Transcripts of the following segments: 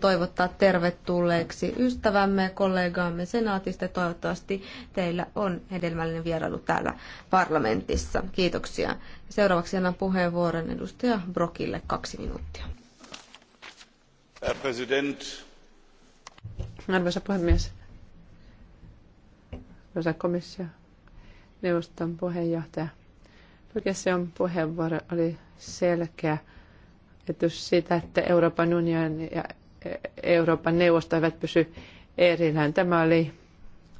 toivottaa tervetulleeksi ystävämme ja kollegaamme senaatista. Toivottavasti teillä on hedelmällinen vierailu täällä parlamentissa. Kiitoksia. Seuraavaksi annan puheenvuoron edustaja Brokille kaksi minuuttia. Herr President. Arvoisa puhemies, arvoisa komissio, neuvoston puheenjohtaja. Turkession puheenvuoro oli selkeä siitä, että Euroopan unioni ja Euroopan neuvosto eivät pysy erillään. Tämä oli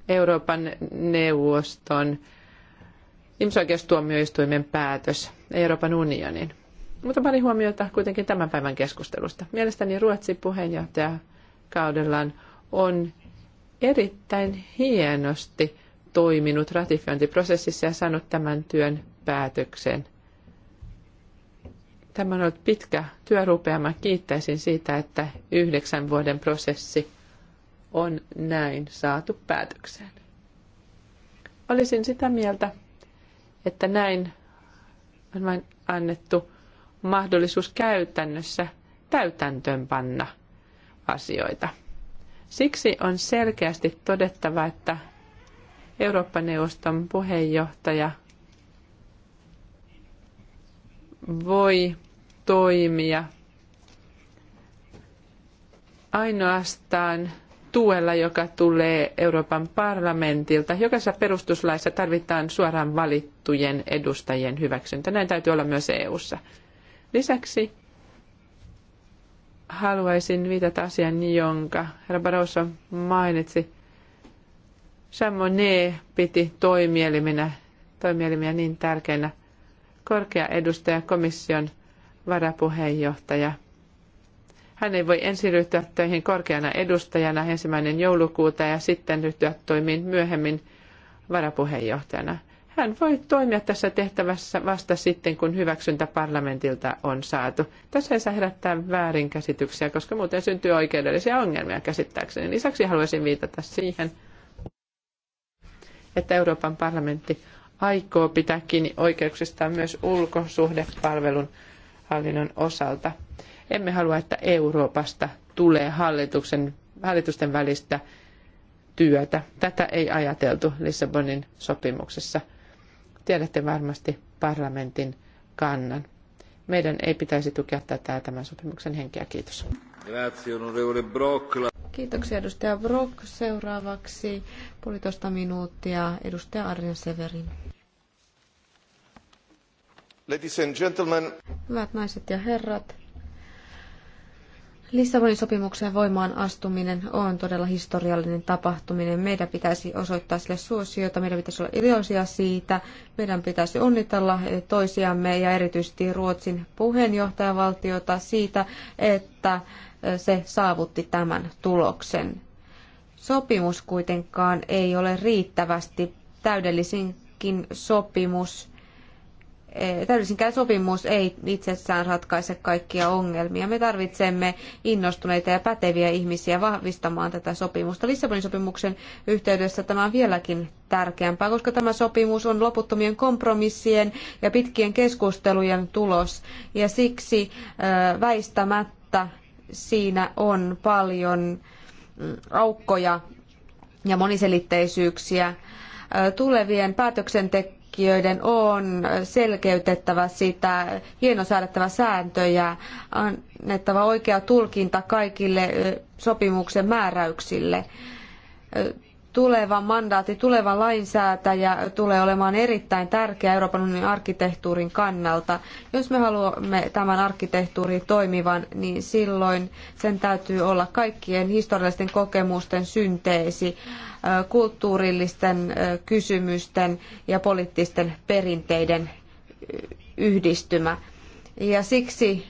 Euroopan neuvoston ihmisoikeustuomioistuimen päätös Euroopan unionin. Mutta pari huomiota kuitenkin tämän päivän keskustelusta. Mielestäni Ruotsi kaudellaan on erittäin hienosti toiminut ratifiointiprosessissa ja saanut tämän työn päätöksen Tämä on ollut pitkä työrupeama. Mä kiittäisin siitä, että yhdeksän vuoden prosessi on näin saatu päätökseen. Olisin sitä mieltä, että näin on vain annettu mahdollisuus käytännössä täytäntöönpanna asioita. Siksi on selkeästi todettava, että Eurooppa-neuvoston puheenjohtaja voi toimia ainoastaan tuella, joka tulee Euroopan parlamentilta. Jokaisessa perustuslaissa tarvitaan suoraan valittujen edustajien hyväksyntä. Näin täytyy olla myös EU:ssa. Lisäksi haluaisin viitata asian, jonka herra Barroso mainitsi. Chamonet piti toimielimiä niin tärkeinä. Korkea edustaja komission varapuheenjohtaja. Hän ei voi ensin ryhtyä töihin korkeana edustajana ensimmäinen joulukuuta ja sitten ryhtyä toimiin myöhemmin varapuheenjohtajana. Hän voi toimia tässä tehtävässä vasta sitten, kun hyväksyntä parlamentilta on saatu. Tässä ei saa herättää väärinkäsityksiä, koska muuten syntyy oikeudellisia ongelmia käsittääkseni. Lisäksi haluaisin viitata siihen, että Euroopan parlamentti aikoo pitää kiinni oikeuksistaan myös ulkosuhdepalvelun hallinnon osalta. Emme halua, että Euroopasta tulee hallituksen, hallitusten välistä työtä. Tätä ei ajateltu Lissabonin sopimuksessa. Tiedätte varmasti parlamentin kannan. Meidän ei pitäisi tukea tätä tämän sopimuksen henkeä. Kiitos. Kiitoksia edustaja Brock. Seuraavaksi puolitoista minuuttia edustaja Arjen Severin. Ladies and gentlemen. Hyvät naiset ja herrat. Lissabonin sopimuksen voimaan astuminen on todella historiallinen tapahtuminen. Meidän pitäisi osoittaa sille suosiota, meidän pitäisi olla iloisia siitä, meidän pitäisi onnitella toisiamme ja erityisesti Ruotsin puheenjohtajavaltiota siitä, että se saavutti tämän tuloksen. Sopimus kuitenkaan ei ole riittävästi täydellisinkin sopimus Eh, täydellisinkään sopimus ei itsessään ratkaise kaikkia ongelmia. Me tarvitsemme innostuneita ja päteviä ihmisiä vahvistamaan tätä sopimusta. Lissabonin sopimuksen yhteydessä tämä on vieläkin tärkeämpää, koska tämä sopimus on loputtomien kompromissien ja pitkien keskustelujen tulos. Ja siksi eh, väistämättä siinä on paljon mm, aukkoja ja moniselitteisyyksiä eh, tulevien päätöksentekijöiden työntekijöiden on selkeytettävä sitä, hienosäädettävä sääntöjä, annettava oikea tulkinta kaikille sopimuksen määräyksille tuleva mandaatti, tuleva lainsäätäjä tulee olemaan erittäin tärkeä Euroopan unionin arkkitehtuurin kannalta. Jos me haluamme tämän arkkitehtuurin toimivan, niin silloin sen täytyy olla kaikkien historiallisten kokemusten synteesi, kulttuurillisten kysymysten ja poliittisten perinteiden yhdistymä. Ja siksi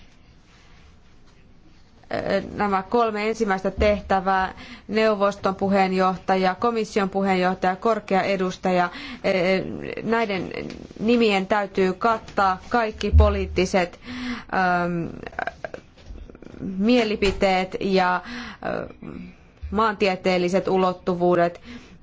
nämä kolme ensimmäistä tehtävää, neuvoston puheenjohtaja, komission puheenjohtaja, korkea edustaja, e, näiden nimien täytyy kattaa kaikki poliittiset ähm, mielipiteet ja ähm, maantieteelliset ulottuvuudet.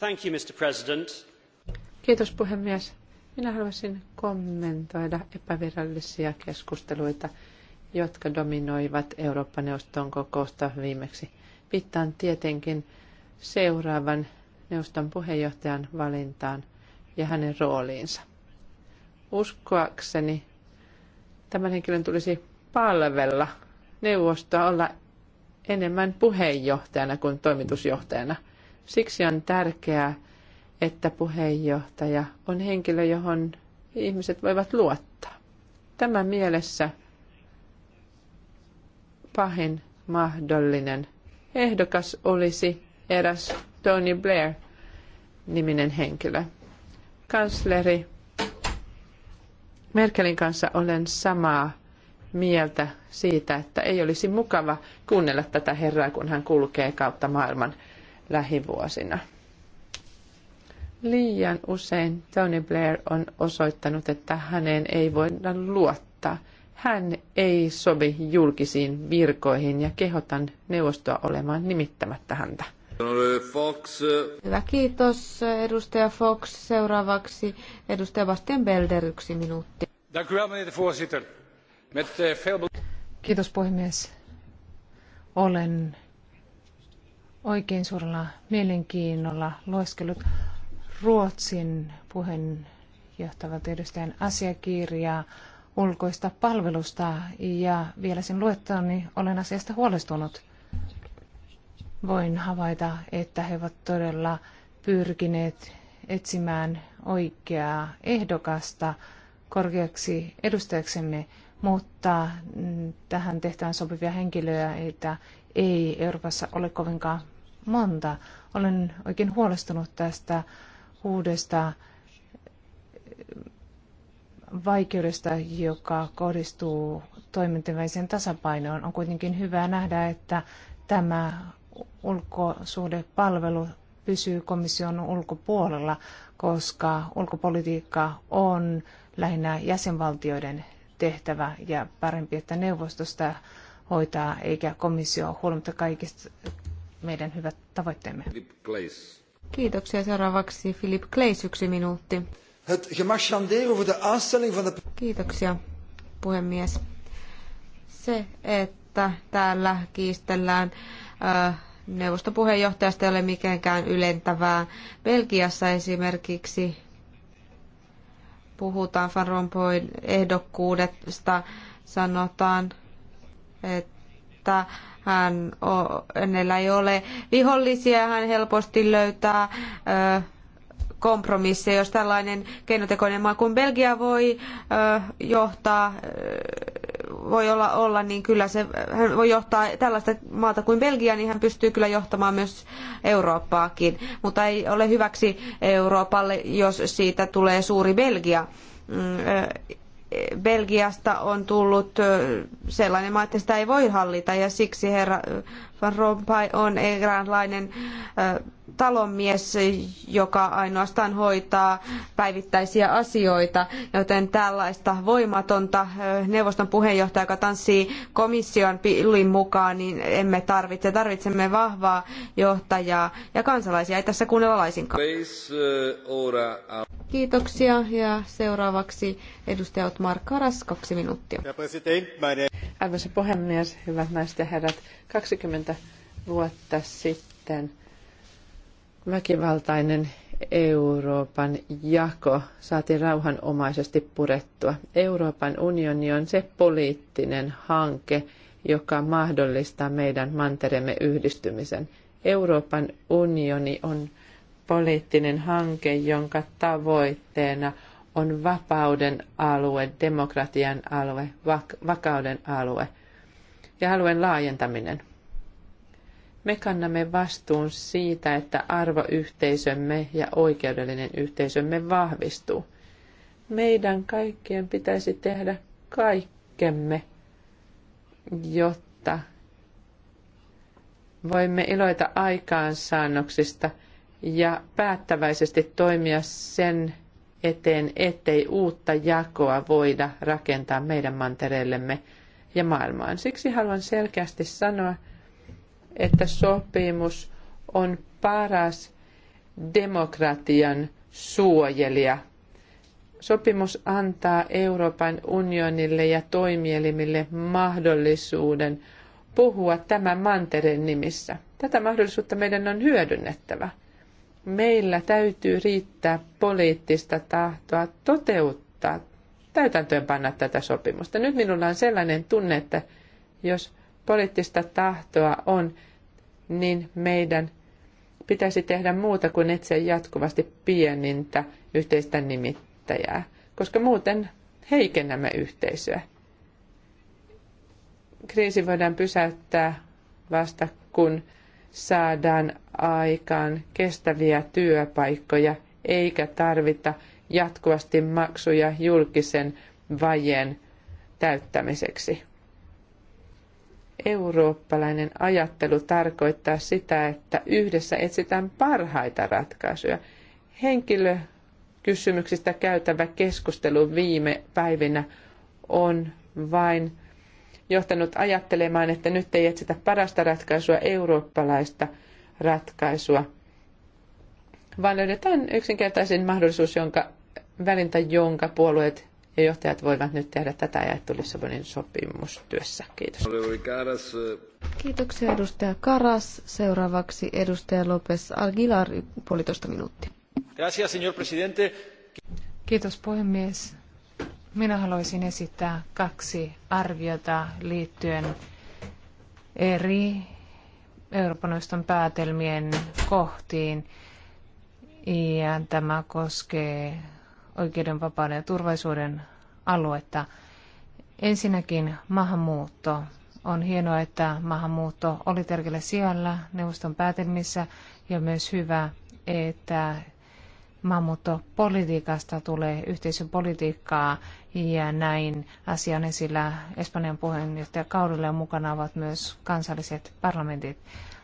Thank Kiitos puhemies. Minä haluaisin kommentoida epävirallisia keskusteluita, jotka dominoivat Eurooppa-neuvoston kokousta viimeksi. Viittaan tietenkin seuraavan neuvoston puheenjohtajan valintaan ja hänen rooliinsa. Uskoakseni tämän henkilön tulisi palvella neuvostoa olla enemmän puheenjohtajana kuin toimitusjohtajana – Siksi on tärkeää, että puheenjohtaja on henkilö, johon ihmiset voivat luottaa. Tämä mielessä pahin mahdollinen ehdokas olisi eräs Tony Blair niminen henkilö. Kansleri Merkelin kanssa olen samaa mieltä siitä, että ei olisi mukava kuunnella tätä herraa, kun hän kulkee kautta maailman – lähivuosina. Liian usein Tony Blair on osoittanut, että häneen ei voida luottaa. Hän ei sovi julkisiin virkoihin ja kehotan neuvostoa olemaan nimittämättä häntä. Fox. Hyvä, kiitos edustaja Fox. Seuraavaksi edustaja Bastian Belder, yksi minuutti. Eh, kiitos puhemies. Olen oikein suurella mielenkiinnolla lueskellut Ruotsin puheenjohtavat edustajan asiakirjaa ulkoista palvelusta ja vielä sen luettua, niin olen asiasta huolestunut. Voin havaita, että he ovat todella pyrkineet etsimään oikeaa ehdokasta korkeaksi edustajaksemme, mutta mm, tähän tehtävään sopivia henkilöjä, että ei Euroopassa ole kovinkaan monta. Olen oikein huolestunut tästä uudesta mm, vaikeudesta, joka kohdistuu toimintaväiseen tasapainoon. On kuitenkin hyvä nähdä, että tämä ulkosuhdepalvelu pysyy komission ulkopuolella, koska ulkopolitiikka on lähinnä jäsenvaltioiden tehtävä ja parempi, että neuvostosta hoitaa eikä komissio huolimatta kaikista meidän hyvät tavoitteemme. Kiitoksia. Seuraavaksi Philip Kleis, yksi minuutti. Kiitoksia, puhemies. Se, että täällä kiistellään äh, neuvoston puheenjohtajasta ei ole mitenkään ylentävää. Belgiassa esimerkiksi puhutaan Van Rompuyn ehdokkuudesta, sanotaan, että hän, hänellä ei ole vihollisia, hän helposti löytää ö, kompromisseja, jos tällainen keinotekoinen maa kuin Belgia voi johtaa, voi olla, olla, niin kyllä se hän voi johtaa tällaista maata kuin Belgia, niin hän pystyy kyllä johtamaan myös Eurooppaakin. Mutta ei ole hyväksi Euroopalle, jos siitä tulee suuri Belgia. Mm, Belgiasta on tullut sellainen maa, että sitä ei voi hallita ja siksi herra Van Rompuy on eräänlainen talonmies, joka ainoastaan hoitaa päivittäisiä asioita, joten tällaista voimatonta neuvoston puheenjohtajaa, joka tanssii komission pillin mukaan, niin emme tarvitse. Tarvitsemme vahvaa johtajaa ja kansalaisia ei tässä kuunnella laisinkaan. Kiitoksia ja seuraavaksi edustaja Otmar Karas, kaksi minuuttia. Arvoisa puhemies, hyvät naiset ja herrat, 20 vuotta sitten väkivaltainen Euroopan jako saatiin rauhanomaisesti purettua. Euroopan unioni on se poliittinen hanke, joka mahdollistaa meidän manteremme yhdistymisen. Euroopan unioni on poliittinen hanke, jonka tavoitteena on vapauden alue, demokratian alue, vakauden alue ja alueen laajentaminen. Me kannamme vastuun siitä, että arvoyhteisömme ja oikeudellinen yhteisömme vahvistuu. Meidän kaikkien pitäisi tehdä kaikkemme, jotta voimme iloita aikaansaannoksista ja päättäväisesti toimia sen eteen, ettei uutta jakoa voida rakentaa meidän mantereellemme ja maailmaan. Siksi haluan selkeästi sanoa, että sopimus on paras demokratian suojelija. Sopimus antaa Euroopan unionille ja toimielimille mahdollisuuden puhua tämän mantereen nimissä. Tätä mahdollisuutta meidän on hyödynnettävä. Meillä täytyy riittää poliittista tahtoa toteuttaa täytäntöönpanna tätä sopimusta. Nyt minulla on sellainen tunne, että jos poliittista tahtoa on, niin meidän pitäisi tehdä muuta kuin etsiä jatkuvasti pienintä yhteistä nimittäjää, koska muuten heikennämme yhteisöä. Kriisi voidaan pysäyttää vasta, kun saadaan aikaan kestäviä työpaikkoja, eikä tarvita jatkuvasti maksuja julkisen vajeen täyttämiseksi eurooppalainen ajattelu tarkoittaa sitä, että yhdessä etsitään parhaita ratkaisuja. Henkilökysymyksistä käytävä keskustelu viime päivinä on vain johtanut ajattelemaan, että nyt ei etsitä parasta ratkaisua, eurooppalaista ratkaisua, vaan löydetään yksinkertaisin mahdollisuus, jonka välintä, jonka puolueet ja johtajat voivat nyt tehdä tätä jaettu Lissabonin työssä Kiitos. Kiitoksia edustaja Karas. Seuraavaksi edustaja Lopes Aguilar, puolitoista minuuttia. Gracias, señor presidente. Kiitos puhemies. Minä haluaisin esittää kaksi arviota liittyen eri Euroopan neuvoston päätelmien kohtiin. Ja tämä koskee oikeuden, vapauden ja turvallisuuden aluetta. Ensinnäkin maahanmuutto. On hienoa, että maahanmuutto oli tärkeällä siellä neuvoston päätelmissä ja myös hyvä, että maahanmuuttopolitiikasta tulee yhteisöpolitiikkaa ja näin asian esillä Espanjan puheenjohtajakaudella ja mukana ovat myös kansalliset parlamentit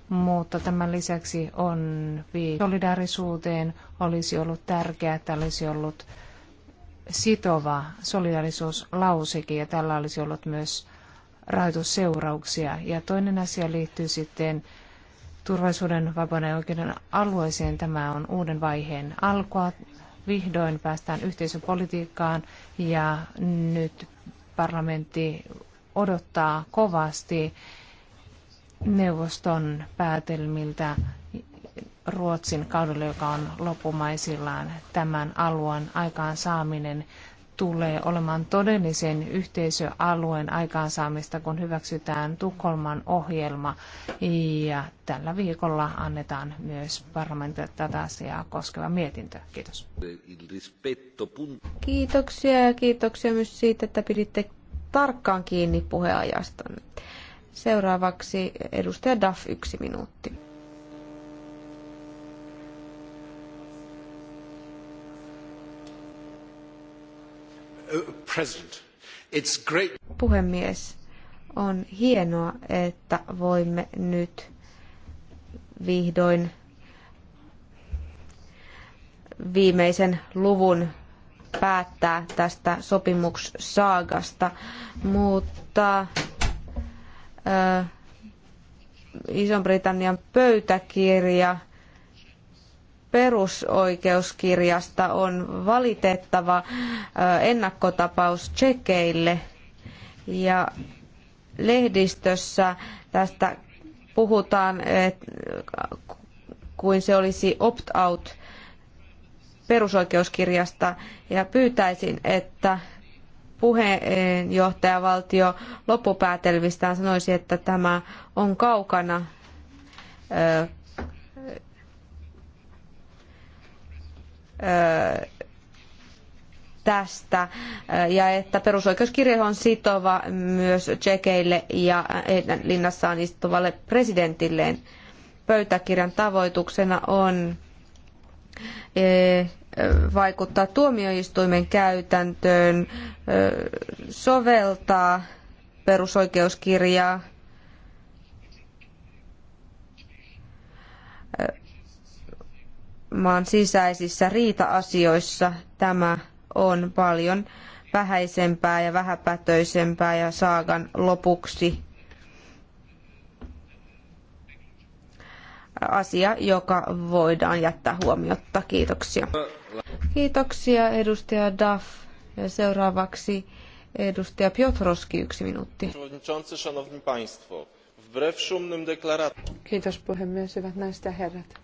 mutta tämän lisäksi on solidaarisuuteen olisi ollut tärkeää, että olisi ollut sitova solidaarisuuslausekin ja tällä olisi ollut myös rahoitusseurauksia. Ja toinen asia liittyy sitten turvallisuuden, vapauden ja oikeuden alueeseen. Tämä on uuden vaiheen alkua. Vihdoin päästään yhteisöpolitiikkaan ja nyt parlamentti odottaa kovasti neuvoston päätelmiltä Ruotsin kaudella, joka on loppumaisillaan tämän alueen aikaansaaminen tulee olemaan todellisen yhteisöalueen aikaansaamista, kun hyväksytään Tukholman ohjelma. Ja tällä viikolla annetaan myös parlamentille tätä asiaa koskeva mietintö. Kiitos. Kiitoksia ja kiitoksia myös siitä, että piditte tarkkaan kiinni puheajasta. Seuraavaksi edustaja Duff, yksi minuutti. Puhemies, on hienoa, että voimme nyt vihdoin viimeisen luvun päättää tästä sopimuksaagasta, mutta Ison-Britannian pöytäkirja perusoikeuskirjasta on valitettava ennakkotapaus tsekeille ja lehdistössä tästä puhutaan kuin se olisi opt-out perusoikeuskirjasta ja pyytäisin, että puheenjohtajavaltio loppupäätelmistään sanoisi, että tämä on kaukana ö, ö, tästä ja että perusoikeuskirja on sitova myös tsekeille ja heidän linnassaan istuvalle presidentilleen. Pöytäkirjan tavoituksena on vaikuttaa tuomioistuimen käytäntöön, soveltaa perusoikeuskirjaa, maan sisäisissä riita-asioissa tämä on paljon vähäisempää ja vähäpätöisempää ja saagan lopuksi asia, joka voidaan jättää huomiotta. Kiitoksia. Kiitoksia edustaja Duff. Ja seuraavaksi edustaja Piotrowski, yksi minuutti. Kiitos puhemies, hyvät näistä herrat.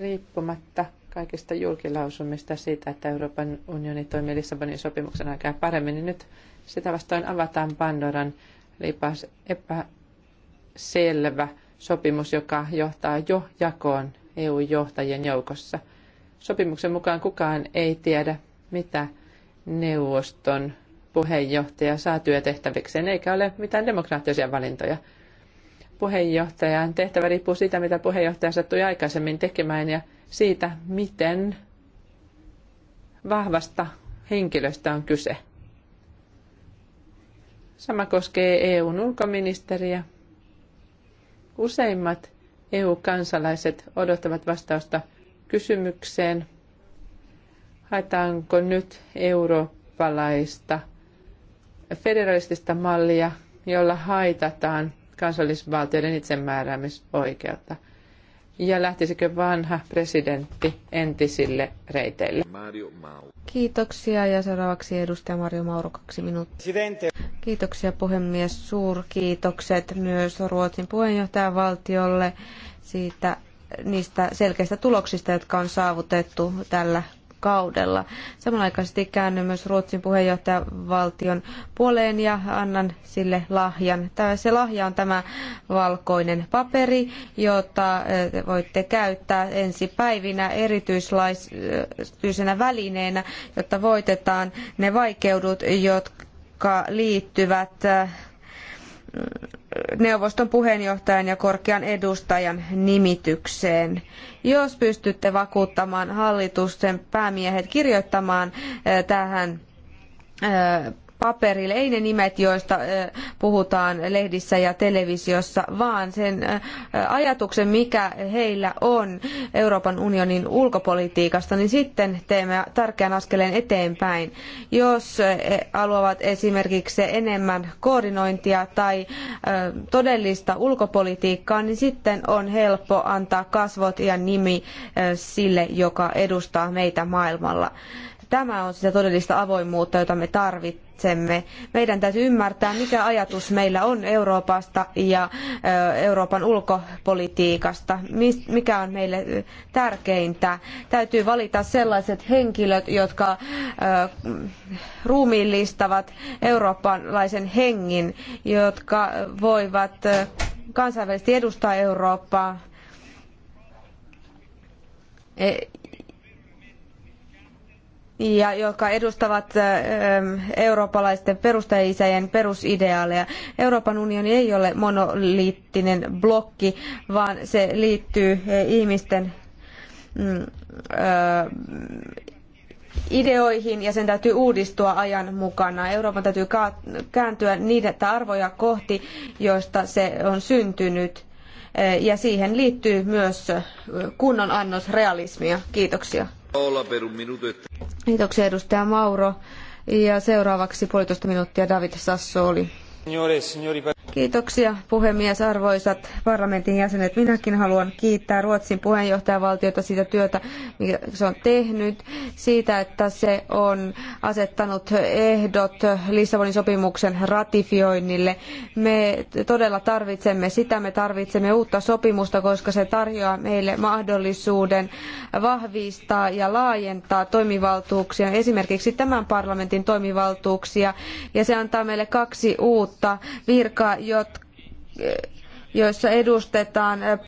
Riippumatta kaikista julkilausumista siitä, että Euroopan unioni toimii Lissabonin sopimuksen aikaa paremmin, niin nyt sitä vastoin avataan Pandoran lipas epäselvä sopimus, joka johtaa jo jakoon EU-johtajien joukossa – Sopimuksen mukaan kukaan ei tiedä, mitä neuvoston puheenjohtaja saa työtehtävikseen, eikä ole mitään demokraattisia valintoja. Puheenjohtajan tehtävä riippuu siitä, mitä puheenjohtaja sattui aikaisemmin tekemään ja siitä, miten vahvasta henkilöstä on kyse. Sama koskee EUn ulkoministeriä. Useimmat EU-kansalaiset odottavat vastausta kysymykseen, haetaanko nyt eurooppalaista federalistista mallia, jolla haitataan kansallisvaltioiden itsemääräämisoikeutta. Ja lähtisikö vanha presidentti entisille reiteille? Mario Kiitoksia ja seuraavaksi edustaja Mario Mauro kaksi minuuttia. Kiitoksia puhemies. Suurkiitokset myös Ruotsin puheenjohtajavaltiolle siitä, niistä selkeistä tuloksista, jotka on saavutettu tällä kaudella. Samanaikaisesti käännyn myös Ruotsin puheenjohtajavaltion puoleen ja annan sille lahjan. Tämä, se lahja on tämä valkoinen paperi, jota eh, voitte käyttää ensi päivinä erityislaisena välineenä, jotta voitetaan ne vaikeudut, jotka liittyvät eh, neuvoston puheenjohtajan ja korkean edustajan nimitykseen. Jos pystytte vakuuttamaan hallitusten päämiehet kirjoittamaan eh, tähän eh, paperille. Ei ne nimet, joista puhutaan lehdissä ja televisiossa, vaan sen ajatuksen, mikä heillä on Euroopan unionin ulkopolitiikasta, niin sitten teemme tärkeän askeleen eteenpäin. Jos e, haluavat esimerkiksi enemmän koordinointia tai todellista ulkopolitiikkaa, niin sitten on helppo antaa kasvot ja nimi sille, joka edustaa meitä maailmalla. Tämä on sitä todellista avoimuutta, jota me tarvitsemme. Meidän täytyy ymmärtää, mikä ajatus meillä on Euroopasta ja Euroopan ulkopolitiikasta, mikä on meille tärkeintä. Täytyy valita sellaiset henkilöt, jotka ruumiillistavat eurooppalaisen hengin, jotka voivat kansainvälisesti edustaa Eurooppaa e, ja jotka edustavat eurooppalaisten perustajisäjien perusideaaleja. Euroopan unioni ei ole monoliittinen blokki, vaan se liittyy ihmisten mm, ideoihin ja sen täytyy uudistua ajan mukana. Euroopan täytyy kääntyä niitä arvoja kohti, joista se on syntynyt. Ja siihen liittyy myös kunnon annos realismia. Kiitoksia. Kiitoksia edustaja Mauro. Ja seuraavaksi puolitoista minuuttia David Sassoli. Kiitoksia puhemies, arvoisat parlamentin jäsenet. Minäkin haluan kiittää Ruotsin puheenjohtajavaltiota siitä työtä, mitä se on tehnyt, siitä, että se on asettanut ehdot Lissabonin sopimuksen ratifioinnille. Me todella tarvitsemme sitä, me tarvitsemme uutta sopimusta, koska se tarjoaa meille mahdollisuuden vahvistaa ja laajentaa toimivaltuuksia, esimerkiksi tämän parlamentin toimivaltuuksia, ja se antaa meille kaksi uutta kautta virka, joissa edustetaan eh,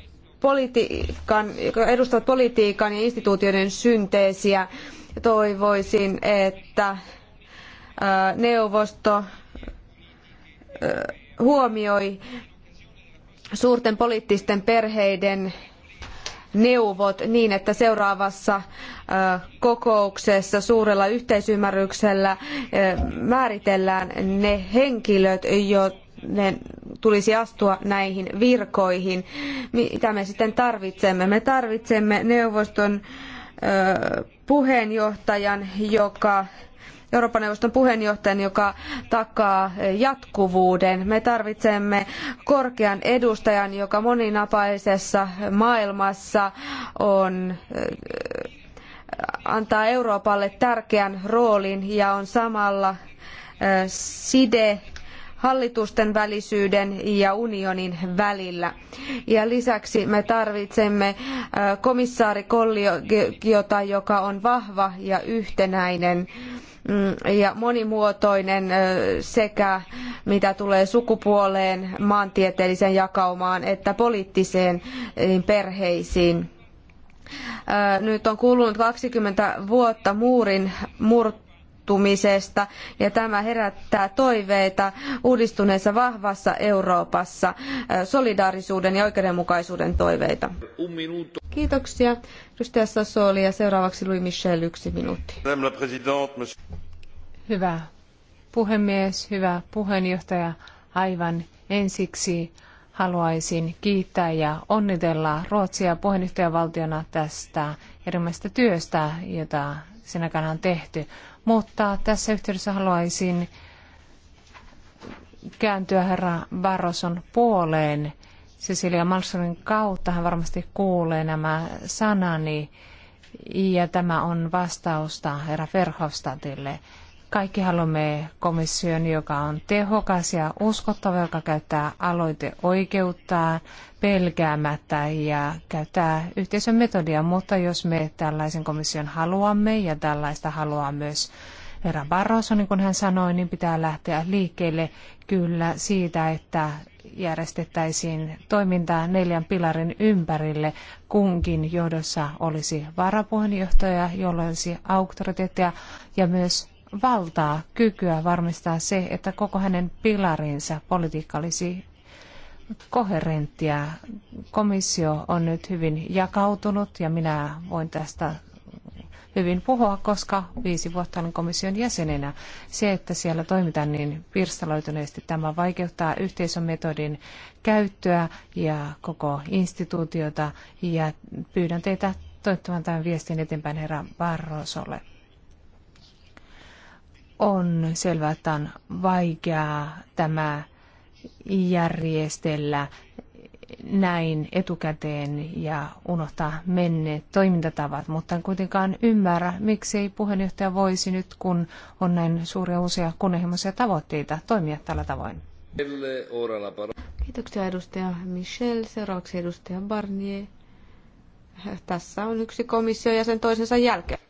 politiikan, edustavat politiikan ja instituutioiden synteesiä. Toivoisin, että eh, neuvosto eh, huomioi suurten poliittisten perheiden neuvot niin, että seuraavassa kokouksessa suurella yhteisymmärryksellä määritellään ne henkilöt, joiden tulisi astua näihin virkoihin. Mitä me sitten tarvitsemme? Me tarvitsemme neuvoston puheenjohtajan, joka Euroopan neuvoston puheenjohtajan, joka takaa jatkuvuuden. Me tarvitsemme korkean edustajan, joka moninapaisessa maailmassa on äh, antaa Euroopalle tärkeän roolin ja on samalla äh, side hallitusten ja unionin välillä. Ja lisäksi me tarvitsemme äh, komissaari komissaarikollegiota, joka on vahva ja yhtenäinen mm, ja monimuotoinen äh, sekä mitä tulee sukupuoleen, maantieteelliseen jakaumaan että poliittiseen äh, perheisiin. Nyt on kulunut 20 vuotta muurin murto muuttumisesta ja tämä herättää toiveita uudistuneessa vahvassa Euroopassa, äh, solidaarisuuden ja oikeudenmukaisuuden toiveita. Kiitoksia. Edustaja Sassoli ja seuraavaksi Louis Michel, yksi minuutti. Hyvä puhemies, hyvä puheenjohtaja. Aivan ensiksi haluaisin kiittää ja onnitella Ruotsia puheenjohtajavaltiona tästä erimästä työstä, jota sen aikana on tehty. Mutta tässä yhteydessä haluaisin kääntyä herra Barroson puoleen. Cecilia Malsonin kautta hän varmasti kuulee nämä sanani. Ja tämä on vastausta herra Verhofstadtille. Kaikki haluamme komission, joka on tehokas ja uskottava, joka käyttää aloiteoikeuttaa, pelkäämättä ja käyttää yhteisön metodia, mutta jos me tällaisen komission haluamme ja tällaista haluaa myös herra Barroso, niin kuin hän sanoi, niin pitää lähteä liikkeelle kyllä siitä, että järjestettäisiin toimintaa neljän pilarin ympärille. Kunkin johdossa olisi varapuheenjohtaja, jolla olisi auktoriteettia ja myös valtaa, kykyä varmistaa se, että koko hänen pilarinsa politiikka olisi koherenttia. Komissio on nyt hyvin jakautunut ja minä voin tästä hyvin puhua, koska viisi vuotta olen komission jäsenenä. Se, että siellä toimitaan niin pirstaloituneesti, tämä vaikeuttaa yhteisön metodin käyttöä ja koko instituutiota ja pyydän teitä toittamaan tämän viestin eteenpäin herra Barrosolle on selvää, että on vaikeaa tämä järjestellä näin etukäteen ja unohtaa menneet toimintatavat, mutta en kuitenkaan ymmärrä, miksei puheenjohtaja voisi nyt, kun on näin suuria uusia kunnianhimoisia tavoitteita, toimia tällä tavoin. Kiitoksia edustaja Michel. Seuraavaksi edustaja Barnier. Tässä on yksi ja sen toisensa jälkeen.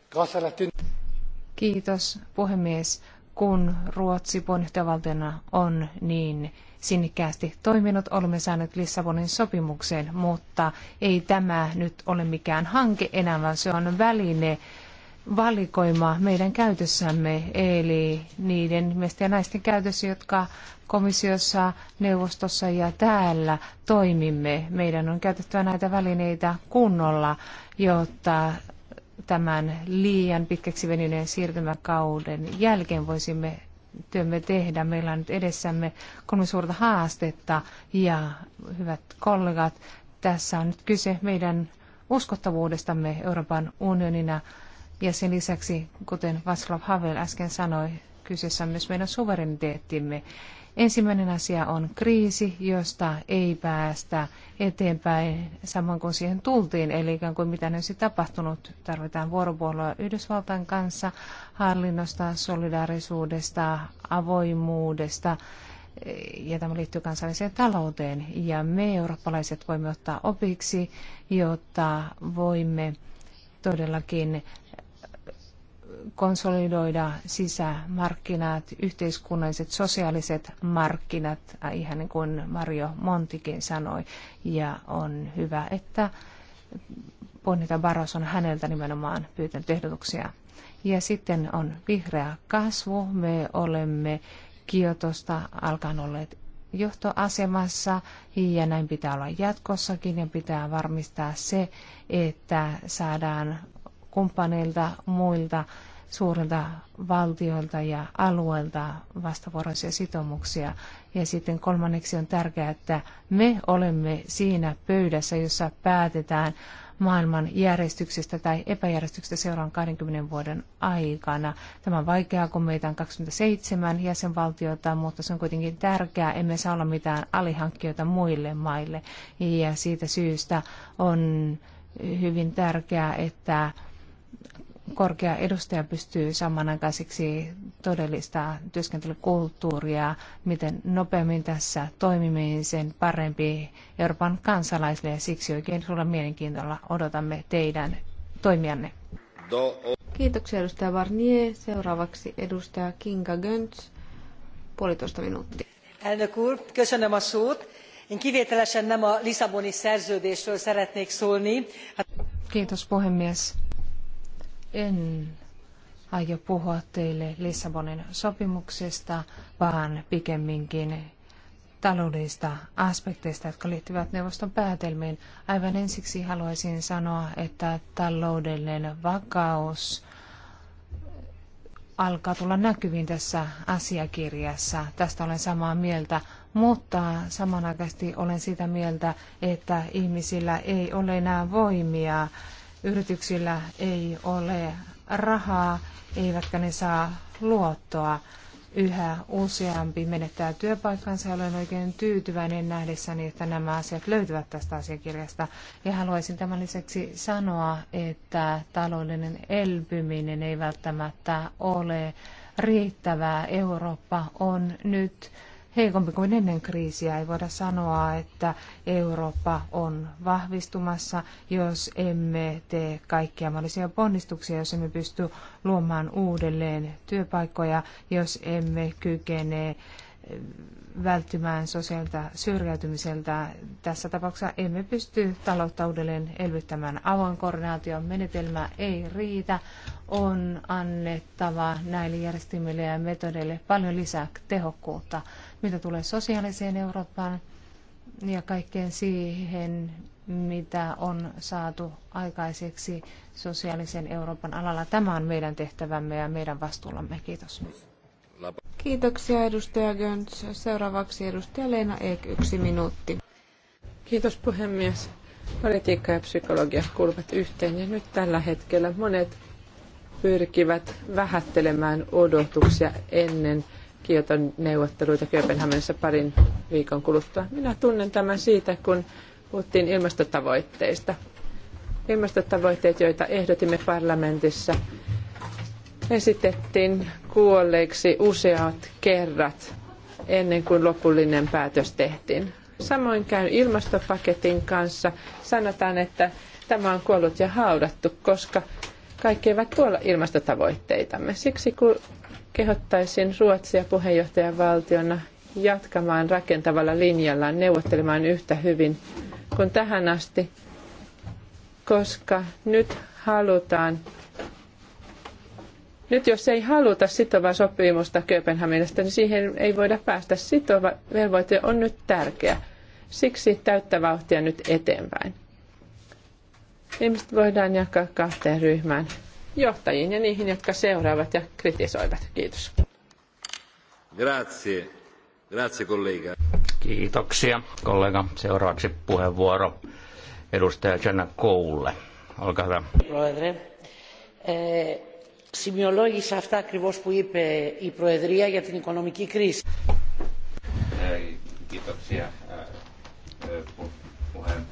Kiitos puhemies. Kun Ruotsi puheenjohtajavaltiona on niin sinnikkäästi toiminut, olemme saaneet Lissabonin sopimukseen, mutta ei tämä nyt ole mikään hanke enää, vaan se on väline, valikoima meidän käytössämme, eli niiden miesten ja naisten käytössä, jotka komissiossa, neuvostossa ja täällä toimimme. Meidän on käytettävä näitä välineitä kunnolla, jotta tämän liian pitkäksi venyneen siirtymäkauden jälkeen voisimme työmme tehdä. Meillä on nyt edessämme kolme suurta haastetta ja hyvät kollegat, tässä on nyt kyse meidän uskottavuudestamme Euroopan unionina ja sen lisäksi, kuten Václav Havel äsken sanoi, kyseessä on myös meidän suvereniteettimme Ensimmäinen asia on kriisi, josta ei päästä eteenpäin samoin kuin siihen tultiin, eli ikään kuin mitä olisi tapahtunut. Tarvitaan vuoropuolua Yhdysvaltain kanssa, hallinnosta, solidaarisuudesta, avoimuudesta, ja tämä liittyy kansalliseen talouteen. Ja me eurooppalaiset voimme ottaa opiksi, jotta voimme todellakin konsolidoida sisämarkkinat, yhteiskunnalliset, sosiaaliset markkinat, äh, ihan niin kuin Mario Montikin sanoi. Ja on hyvä, että Bonita Barros on häneltä nimenomaan pyytänyt ehdotuksia. Ja sitten on vihreä kasvu. Me olemme Kiotosta alkaen olleet johtoasemassa ja näin pitää olla jatkossakin ja pitää varmistaa se, että saadaan kumppaneilta, muilta suurilta valtioilta ja alueilta vastavuoroisia sitoumuksia. Ja sitten kolmanneksi on tärkeää, että me olemme siinä pöydässä, jossa päätetään maailman järjestyksestä tai epäjärjestyksestä seuraavan 20 vuoden aikana. Tämä on vaikeaa, kun meitä on 27 jäsenvaltiota, mutta se on kuitenkin tärkeää. Emme saa olla mitään alihankkijoita muille maille. Ja siitä syystä on hyvin tärkeää, että korkea edustaja pystyy samanaikaiseksi todellista työskentelykulttuuria, miten nopeammin tässä toimimme, niin sen parempi Euroopan kansalaisille ja siksi oikein sulla mielenkiinnolla odotamme teidän toimianne. Kiitoksia edustaja Varnier. Seuraavaksi edustaja Kinga Gönts, puolitoista minuuttia. Elnök úr, köszönöm a szót. Én kivételesen nem a Lisszaboni szerződésről szeretnék szólni. Kiitos puhemies en aio puhua teille Lissabonin sopimuksesta, vaan pikemminkin taloudellista aspekteista, jotka liittyvät neuvoston päätelmiin. Aivan ensiksi haluaisin sanoa, että taloudellinen vakaus alkaa tulla näkyviin tässä asiakirjassa. Tästä olen samaa mieltä, mutta samanaikaisesti olen sitä mieltä, että ihmisillä ei ole enää voimia yrityksillä ei ole rahaa, eivätkä ne saa luottoa. Yhä useampi menettää työpaikkansa ja olen oikein tyytyväinen nähdessäni, että nämä asiat löytyvät tästä asiakirjasta. Ja haluaisin tämän lisäksi sanoa, että taloudellinen elpyminen ei välttämättä ole riittävää. Eurooppa on nyt heikompi kuin ennen kriisiä. Ei voida sanoa, että Eurooppa on vahvistumassa, jos emme tee kaikkia mahdollisia ponnistuksia, jos emme pysty luomaan uudelleen työpaikkoja, jos emme kykene eh, välttymään sosiaalta syrjäytymiseltä. Tässä tapauksessa emme pysty taloutta uudelleen elvyttämään. Avoin koordinaation menetelmä ei riitä. On annettava näille järjestelmille ja metodeille paljon lisää tehokkuutta mitä tulee sosiaaliseen Eurooppaan ja kaikkeen siihen, mitä on saatu aikaiseksi sosiaalisen Euroopan alalla. Tämä on meidän tehtävämme ja meidän vastuullamme. Kiitos. Kiitoksia edustaja Göns. Seuraavaksi edustaja Leena Eek, yksi minuutti. Kiitos puhemies. Politiikka ja psykologia kuuluvat yhteen ja nyt tällä hetkellä monet pyrkivät vähättelemään odotuksia ennen – Kioton neuvotteluita Kööpenhaminassa parin viikon kuluttua. Minä tunnen tämän siitä, kun puhuttiin ilmastotavoitteista. Ilmastotavoitteet, joita ehdotimme parlamentissa, esitettiin kuolleiksi useat kerrat ennen kuin lopullinen päätös tehtiin. Samoin käyn ilmastopaketin kanssa. Sanotaan, että tämä on kuollut ja haudattu, koska kaikki eivät puolla ilmastotavoitteitamme. Siksi kehottaisin Ruotsia puheenjohtajavaltiona jatkamaan rakentavalla linjalla neuvottelemaan yhtä hyvin kuin tähän asti, koska nyt halutaan nyt jos ei haluta sitovaa sopimusta Kööpenhaminasta, niin siihen ei voida päästä. Sitova velvoite on nyt tärkeä. Siksi täyttä vauhtia nyt eteenpäin. Ihmiset voidaan jakaa kahteen ryhmään johtajiin ja niihin, jotka seuraavat ja kritisoivat. Kiitos. Grazie. Grazie, kollega. Kiitoksia, kollega. Seuraavaksi puheenvuoro edustaja Jenna Koulle. Olkaa hyvä. Πρόεδρε, σημειολόγησα αυτά ακριβώς που είπε η Προεδρία για την οικονομική κρίση.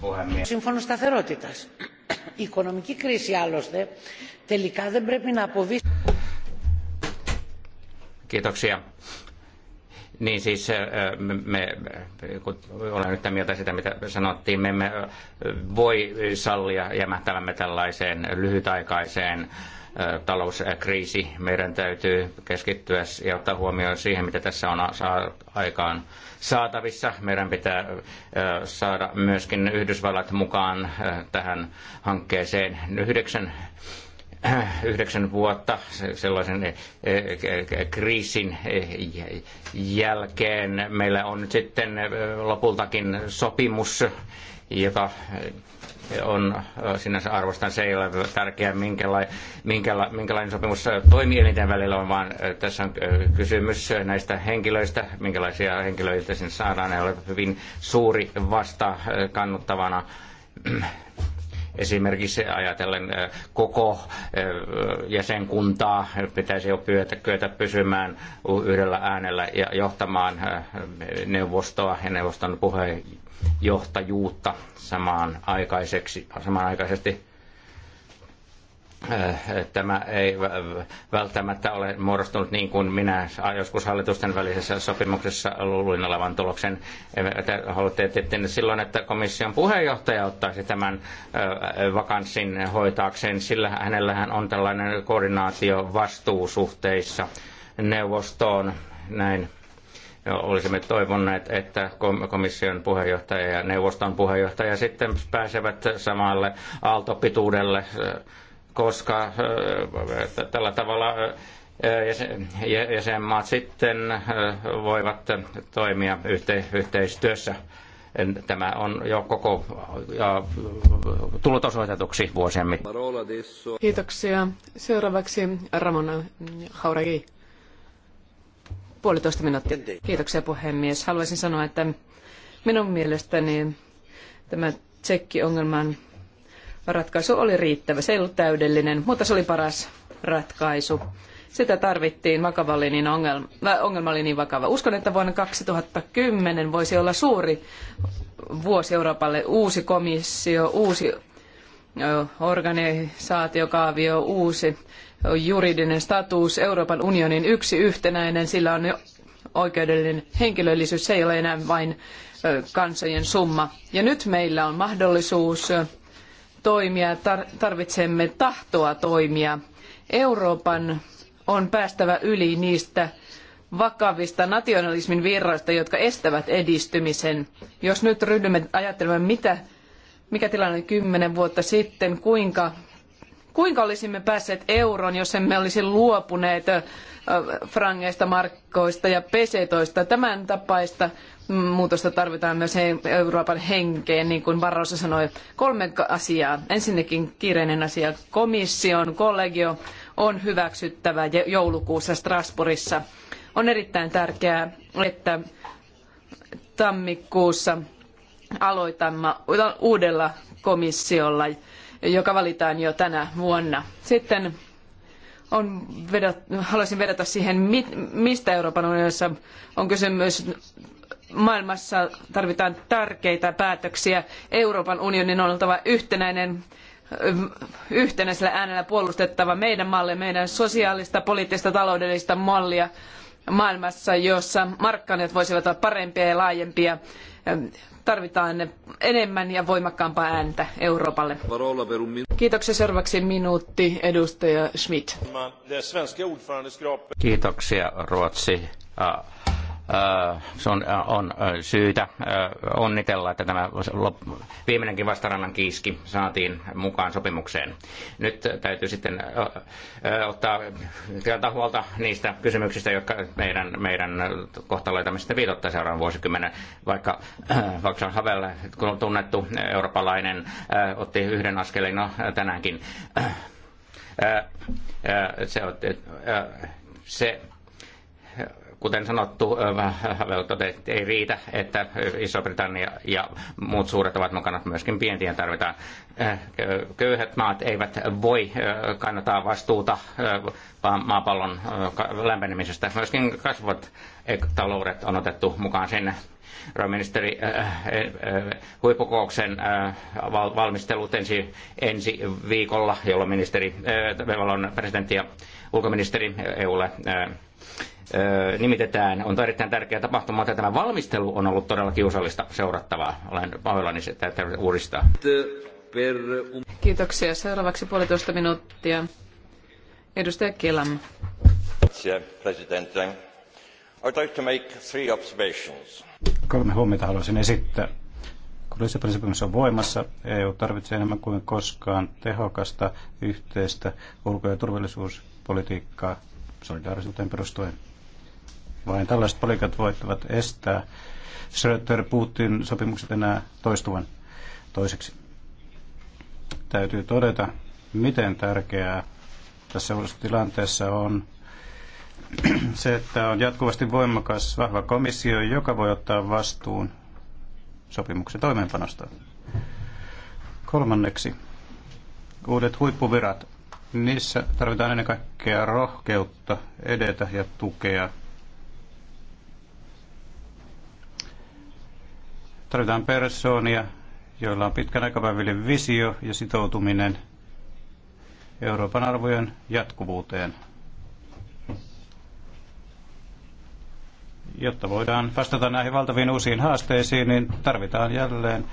puhemies. Σύμφωνο Η οικονομική κρίση άλλωστε τελικά δεν πρέπει να αποβεί... Kiitoksia. Niin siis me, kun olen yhtä mieltä sitä, mitä sanottiin, me emme voi sallia jämähtävämme tällaiseen lyhytaikaiseen talouskriisi. Meidän täytyy keskittyä ja ottaa huomioon siihen, mitä tässä on saanut aikaan saatavissa. Meidän pitää saada myöskin Yhdysvallat mukaan tähän hankkeeseen yhdeksän yhdeksän vuotta sellaisen kriisin jälkeen. Meillä on nyt sitten lopultakin sopimus, joka on äh, sinänsä arvostan, se ei ole tärkeää, minkälai, minkäla, minkälainen sopimus äh, toimielinten välillä on, vaan äh, tässä on kysymys näistä henkilöistä, minkälaisia henkilöitä sinne saadaan. Ne ovat hyvin suuri vasta kannuttavana esimerkiksi ajatellen koko jäsenkuntaa pitäisi jo kyetä, pysymään yhdellä äänellä ja johtamaan neuvostoa ja neuvoston puheen, johtajuutta samanaikaiseksi, aikaiseksi, samanaikaisesti. Äh, tämä ei välttämättä ole muodostunut niin kuin minä joskus hallitusten välisessä sopimuksessa luulin olevan tuloksen. Haluatte silloin, että komission puheenjohtaja ottaisi tämän äh, vakanssin hoitaakseen, sillä hänellähän on tällainen koordinaatio vastuusuhteissa neuvostoon. Näin olisimme toivoneet, että komission puheenjohtaja ja neuvoston puheenjohtaja sitten pääsevät samalle aaltopituudelle, äh, koska äh, tällä tavalla äh, jäsenmaat sitten voivat toimia yhteistyössä. Tämä on jo koko ja, tullut osoitetuksi vuosien mittaan. Kiitoksia. Seuraavaksi Ramona Hauragi puolitoista minuuttia. Kiitoksia puhemies. Haluaisin sanoa, että minun mielestäni tämä tsekki-ongelman ratkaisu oli riittävä. Se ei ollut täydellinen, mutta se oli paras ratkaisu. Sitä tarvittiin, vakavallinen niin ongelma, äh, ongelma oli niin vakava. Uskon, että vuonna 2010 voisi olla suuri vuosi Euroopalle. Uusi komissio, uusi organisaatiokaavio, uusi juridinen status, Euroopan unionin yksi yhtenäinen, sillä on oikeudellinen henkilöllisyys, se ei ole enää vain kansojen summa. Ja nyt meillä on mahdollisuus toimia, tarvitsemme tahtoa toimia. Euroopan on päästävä yli niistä vakavista nationalismin virroista, jotka estävät edistymisen. Jos nyt ryhdymme ajattelemaan, mitä, mikä tilanne oli kymmenen vuotta sitten, kuinka Kuinka olisimme päässeet euroon, jos emme olisi luopuneet frangeista, markkoista ja pesetoista? Tämän tapaista muutosta tarvitaan myös Euroopan henkeen, niin kuin Barroso sanoi. Kolme asiaa. Ensinnäkin kiireinen asia. Komission kollegio on hyväksyttävä joulukuussa Strasbourgissa. On erittäin tärkeää, että tammikuussa aloitamme uudella komissiolla joka valitaan jo tänä vuonna. Sitten on vedot, haluaisin vedota siihen, mistä Euroopan unionissa on kysymys. Maailmassa tarvitaan tärkeitä päätöksiä. Euroopan unionin on oltava yhtenäinen yhtenäisellä äänellä puolustettava meidän mallia, meidän sosiaalista, poliittista, taloudellista mallia maailmassa, jossa markkanat voisivat olla parempia ja laajempia. Tarvitaan enemmän ja voimakkaampaa ääntä Euroopalle. Kiitoksia seuraavaksi minuutti edustaja Schmidt. Kiitoksia Ruotsi ah, on, on syytä onnitella, että tämä viimeinenkin vastarannan kiiski saatiin mukaan sopimukseen. Nyt täytyy sitten ottaa kantaa huolta niistä kysymyksistä, jotka meidän, meidän kohtaloitamme sitten viitottaa seuraavan vuosikymmenen. Vaikka Vaksan Havel, kun tunnettu eurooppalainen, otti yhden askeleen no, tänäänkin. Se, se Kuten sanottu, ei riitä, että Iso-Britannia ja muut suuret ovat mukana, myöskin pientiä tarvitaan. Köyhät maat eivät voi kannattaa vastuuta maapallon lämpenemisestä. Myöskin kasvavat e, taloudet on otettu mukaan sinne ministeri huippukokouksen valmistelut ensi, ensi viikolla, jolloin ministeri, on presidentti ja ulkoministeri EUlle nimitetään, on erittäin tärkeä tapahtuma, että tämä valmistelu on ollut todella kiusallista seurattavaa. Olen pahoillani, että täytyy uudistaa. Kiitoksia. Seuraavaksi puolitoista minuuttia. Edustaja Kelam. I'd like to make three observations. Kolme huomiota haluaisin esittää. Kun Lissabonin sopimus on voimassa, EU tarvitsee enemmän kuin koskaan tehokasta yhteistä ulko- ja turvallisuuspolitiikkaa solidaarisuuteen perustuen. Vain tällaiset poliikat voittavat estää Schröter-Putin sopimukset enää toistuvan toiseksi. Täytyy todeta, miten tärkeää tässä uudessa tilanteessa on se, että on jatkuvasti voimakas, vahva komissio, joka voi ottaa vastuun sopimuksen toimeenpanosta. Kolmanneksi, uudet huippuvirat. Niissä tarvitaan ennen kaikkea rohkeutta edetä ja tukea Tarvitaan persoonia, joilla on pitkän aikavälin visio ja sitoutuminen Euroopan arvojen jatkuvuuteen, jotta voidaan vastata näihin valtaviin uusiin haasteisiin, niin tarvitaan jälleen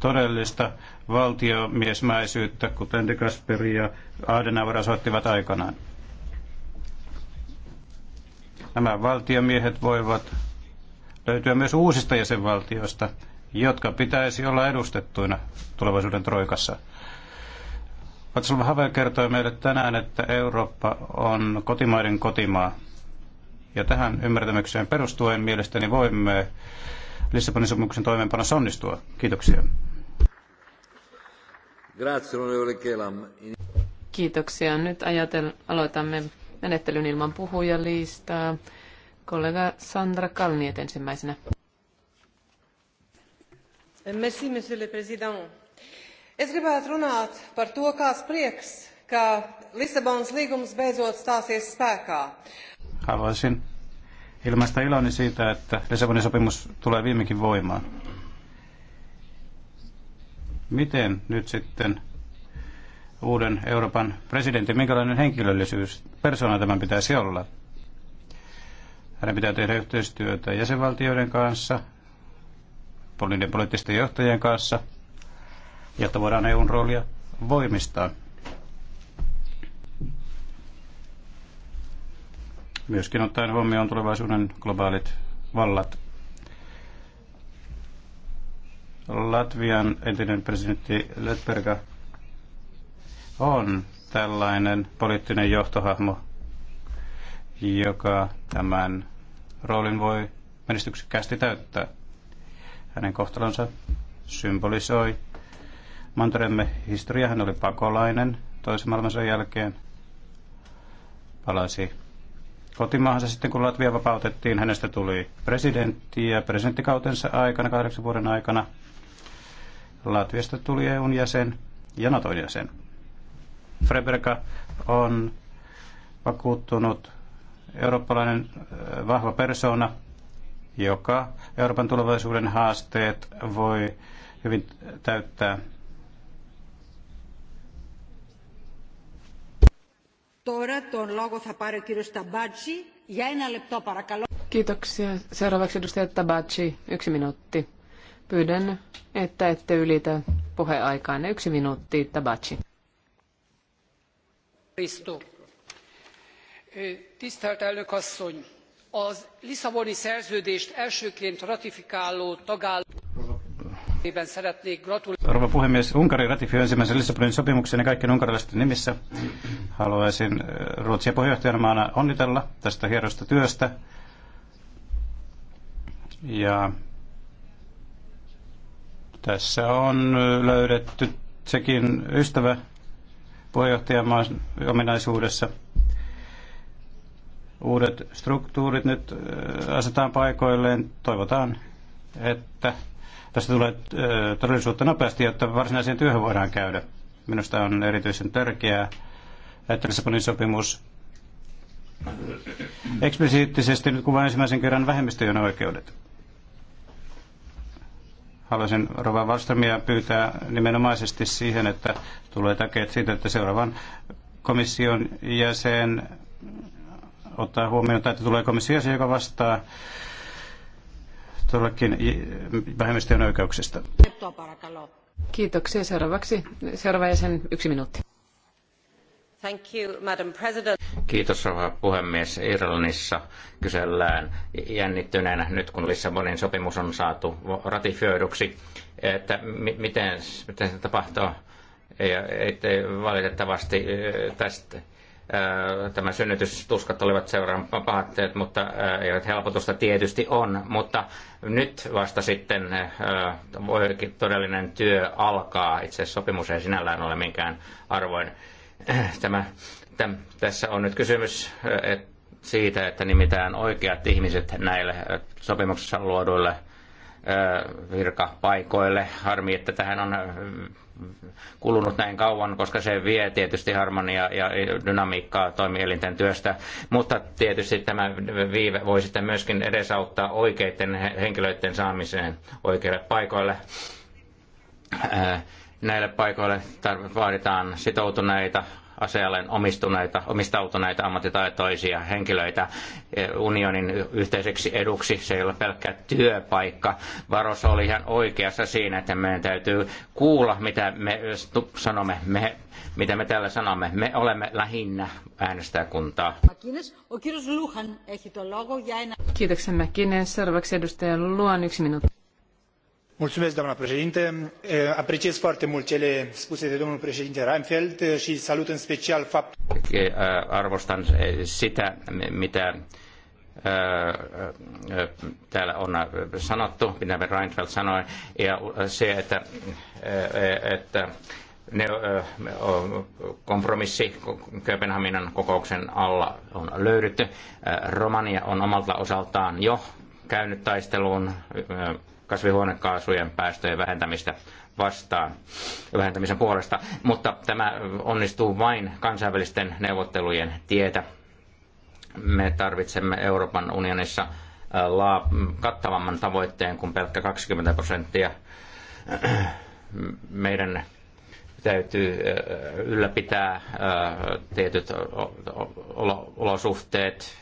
todellista valtiomiesmäisyyttä, kuten de Gasperi ja Adenauer osoittivat aikanaan. Nämä valtiomiehet voivat löytyä myös uusista jäsenvaltioista, jotka pitäisi olla edustettuina tulevaisuuden troikassa. Václav Havel kertoi meille tänään, että Eurooppa on kotimaiden kotimaa. Ja tähän ymmärtämykseen perustuen mielestäni voimme Lissabonin sopimuksen toimeenpanossa onnistua. Kiitoksia. Kiitoksia. Nyt ajatel, aloitamme menettelyn ilman puhujalistaa. Kollega Sandra Kalniet ensimmäisenä. Merci, monsieur le président. Es gribētu runāt par to, kāds prieks, ka Lisabonas līgums beidzot stāsies spēkā. Haluaisin ilmaista iloni siitä, että Lissabonin sopimus tulee viimekin voimaan. Miten nyt sitten uuden Euroopan presidentin, minkälainen henkilöllisyys, persona tämän pitäisi olla? Hänen pitää tehdä yhteistyötä jäsenvaltioiden kanssa, niiden poliittisten johtajien kanssa, jotta voidaan EUn roolia voimistaa. Myöskin ottaen huomioon tulevaisuuden globaalit vallat. Latvian entinen presidentti Lötberga on tällainen poliittinen johtohahmo, joka tämän roolin voi menestyksekkäästi täyttää. Hänen kohtalonsa symbolisoi Mantereemme historia. Hän oli pakolainen toisen maailmansodan jälkeen. Palasi kotimaahansa sitten, kun Latvia vapautettiin. Hänestä tuli presidentti ja presidenttikautensa aikana, kahdeksan vuoden aikana, Latviasta tuli EUn jäsen ja Naton jäsen. Freberga on vakuuttunut eurooppalainen äh, vahva persona, joka Euroopan tulevaisuuden haasteet voi hyvin täyttää. Τώρα τον λόγο θα πάρει ο κύριος Ταμπάτζη. Για ένα λεπτό παρακαλώ. Kiitoksia. Seuraavaksi edustaja Tabaci, yksi minuutti. Pyydän, että ette ylitä puheaikaan. Yksi minuutti, Tabaci. Tisztelt elnök asszony, a Lisszaboni szerződést elsőként ratifikáló tagállam szeretnék gratulálni. puhemies, Unkari ratifioi ensimmäisen Lissabonin sopimuksen ja kaikkien unkarilaisten nimissä. Haluaisin äh, Ruotsia puheenjohtajamaana onnitella tästä hienosta työstä. Ja tässä on löydetty sekin ystävä puheenjohtajamaan ominaisuudessa – Uudet struktuurit nyt asetetaan paikoilleen. Toivotaan, että tästä tulee todellisuutta nopeasti, jotta varsinaiseen työhön voidaan käydä. Minusta on erityisen tärkeää, että Lissabonin sopimus eksplisiittisesti nyt kuvaa ensimmäisen kerran vähemmistöjen oikeudet. Haluaisin Rova Wallströmiä pyytää nimenomaisesti siihen, että tulee takeet siitä, että seuraavan komission jäsen ottaa huomioon, että tulee komissiosi, joka vastaa todellakin vähemmistöjen oikeuksista. Kiitoksia. Seuraavaksi seuraava jäsen yksi minuutti. Kiitos rouva puhemies. Irlannissa kysellään jännittyneenä nyt kun Lissabonin sopimus on saatu ratifioiduksi, että miten, miten se tapahtuu. Ei, ei, ei valitettavasti tästä Äh, tämä synnytystuskat olivat seuraan pahat, mutta äh, eivät helpotusta tietysti on, mutta nyt vasta sitten äh, todellinen työ alkaa. Itse asiassa sopimus ei sinällään ole minkään arvoin. Tämä, täm, tässä on nyt kysymys et, siitä, että nimitään oikeat ihmiset näille sopimuksessa luoduille virkapaikoille. Harmi, että tähän on kulunut näin kauan, koska se vie tietysti harmonia ja dynamiikkaa toimielinten työstä, mutta tietysti tämä viive voi sitten myöskin edesauttaa oikeiden henkilöiden saamiseen oikeille paikoille. Näille paikoille vaaditaan sitoutuneita asealeen omistuneita, omistautuneita ammattitaitoisia henkilöitä unionin yhteiseksi eduksi. Se ei ole pelkkä työpaikka. Varos oli ihan oikeassa siinä, että meidän täytyy kuulla, mitä me sanomme. Me, mitä me täällä sanomme. Me olemme lähinnä äänestäjäkuntaa. Kiitoksia Mäkinen. Seuraavaksi edustaja Luon yksi minuutti. E, apreciez foarte mult cele spuse de domnul preedinte reinfeldt i salut în special faptul e, arvostan e, sitä mitä täällä on sanottu, mitä Reinfeldt sanoi, ja se, että, että ne, kompromissi Kööpenhaminan kokouksen alla on löydetty. Romania on omalta osaltaan jo käynyt taisteluun kasvihuonekaasujen päästöjen vähentämistä vastaan, vähentämisen puolesta, mutta tämä onnistuu vain kansainvälisten neuvottelujen tietä. Me tarvitsemme Euroopan unionissa äh, laa, kattavamman tavoitteen kuin pelkkä 20 prosenttia. Meidän täytyy äh, ylläpitää äh, tietyt olosuhteet,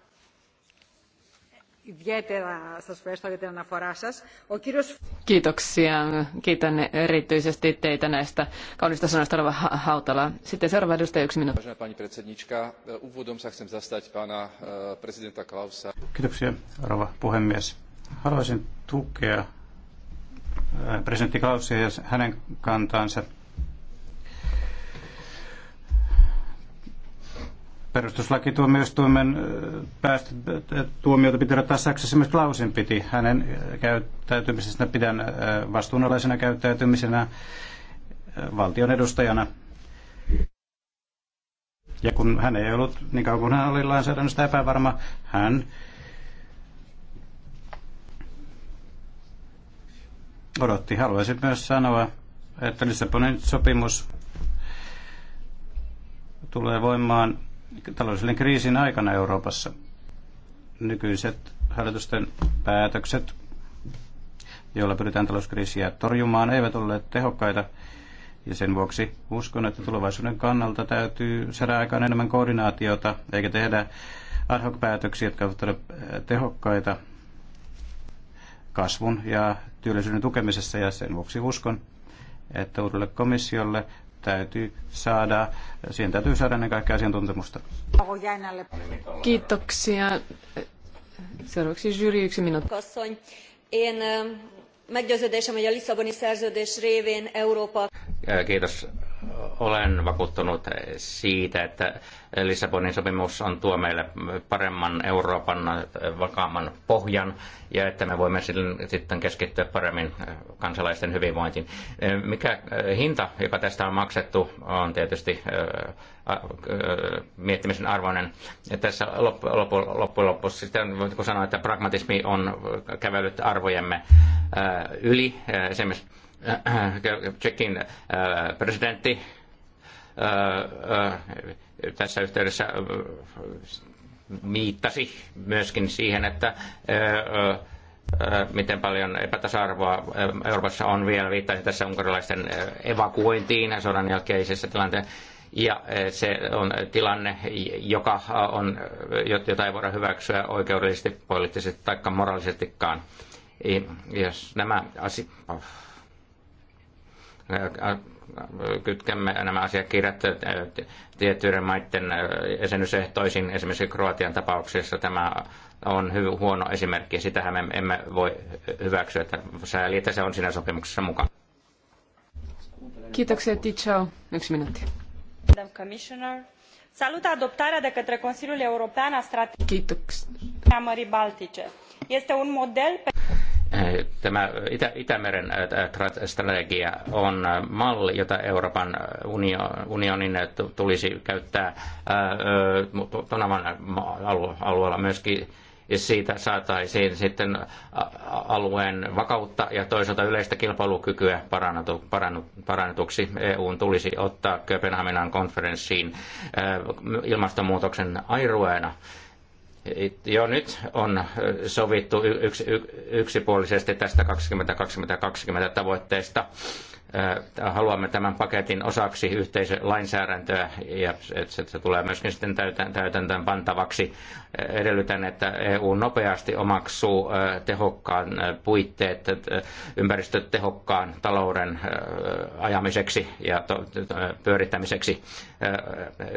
Ιδιαίτερα σας ευχαριστώ για την αναφορά σας. Ο κύριος... Kiitoksia. Kiitän erityisesti teitä näistä kaunista sanoista Rova Hautala. Sitten seuraava edustaja yksi minuutti. Vážená pani predsednička, úvodom sa chcem zastať pána eh, prezidenta Klausa. Kiitoksia, Rova puhemies. Haluaisin tukea eh, presidentti Klausia ja hänen kantaansa perustuslakituomioistuimen päästä tuomiota piti ottaa Saksassa myös Klausin piti. Hänen käyttäytymisestä pidän vastuunalaisena käyttäytymisenä valtion edustajana. Ja kun hän ei ollut, niin kauan kun hän oli lainsäädännöstä epävarma, hän odotti. Haluaisin myös sanoa, että Lissabonin sopimus tulee voimaan taloudellisen kriisin aikana Euroopassa nykyiset hallitusten päätökset, joilla pyritään talouskriisiä torjumaan, eivät olleet tehokkaita. Ja sen vuoksi uskon, että tulevaisuuden kannalta täytyy saada aikaan enemmän koordinaatiota, eikä tehdä ad hoc päätöksiä, jotka ovat tehokkaita kasvun ja työllisyyden tukemisessa. Ja sen vuoksi uskon, että uudelle komissiolle täytyy saada, siihen täytyy saada ennen kaikkea asiantuntemusta. Kiitoksia. Seuraavaksi jyri yksi minuutti. Kiitos olen vakuuttunut siitä, että Lissabonin sopimus on tuo meille paremman Euroopan vakaamman pohjan ja että me voimme sitten keskittyä paremmin kansalaisten hyvinvointiin. Mikä hinta, joka tästä on maksettu, on tietysti miettimisen arvoinen. Ja tässä loppujen lopuksi sitten voitko sanoa, että pragmatismi on kävellyt arvojemme yli. Esimerkiksi Äh, äh, Tsekin äh, presidentti tässä yhteydessä miittasi myöskin siihen, että miten paljon epätasa-arvoa Euroopassa on vielä, viittaisin tässä unkarilaisten evakuointiin sodan jälkeisessä tilanteessa. Ja se on tilanne, joka on, jota ei voida hyväksyä oikeudellisesti, poliittisesti tai moraalisestikaan. Jos nämä asiat kytkemme nämä asiakirjat tiettyjen maiden jäsenyysehtoisiin, esimerkiksi Kroatian tapauksessa tämä on hyvin huono esimerkki, sitähän me emme voi hyväksyä, että sääli, että se on siinä sopimuksessa mukana. Kiitoksia, Tichau. Yksi minuutti. Commissioner. Salut adoptarea de către Consiliul European a strategiei mării Baltice. Este un model Tämä Itä- Itämeren äh, strategia on äh, malli, jota Euroopan äh, unionin tulisi käyttää Tonavan alueella myöskin ja siitä saataisiin sitten alueen vakautta ja toisaalta yleistä kilpailukykyä parannetu, parannetuksi. EUn tulisi ottaa Kööpenhaminan konferenssiin ilmastonmuutoksen airueena jo nyt on sovittu yksipuolisesti tästä 2020-2020 tavoitteesta haluamme tämän paketin osaksi yhteisölainsäädäntöä ja että se tulee myöskin sitten täytäntöön pantavaksi. Edellytän, että EU nopeasti omaksuu tehokkaan puitteet ympäristötehokkaan talouden ajamiseksi ja pyörittämiseksi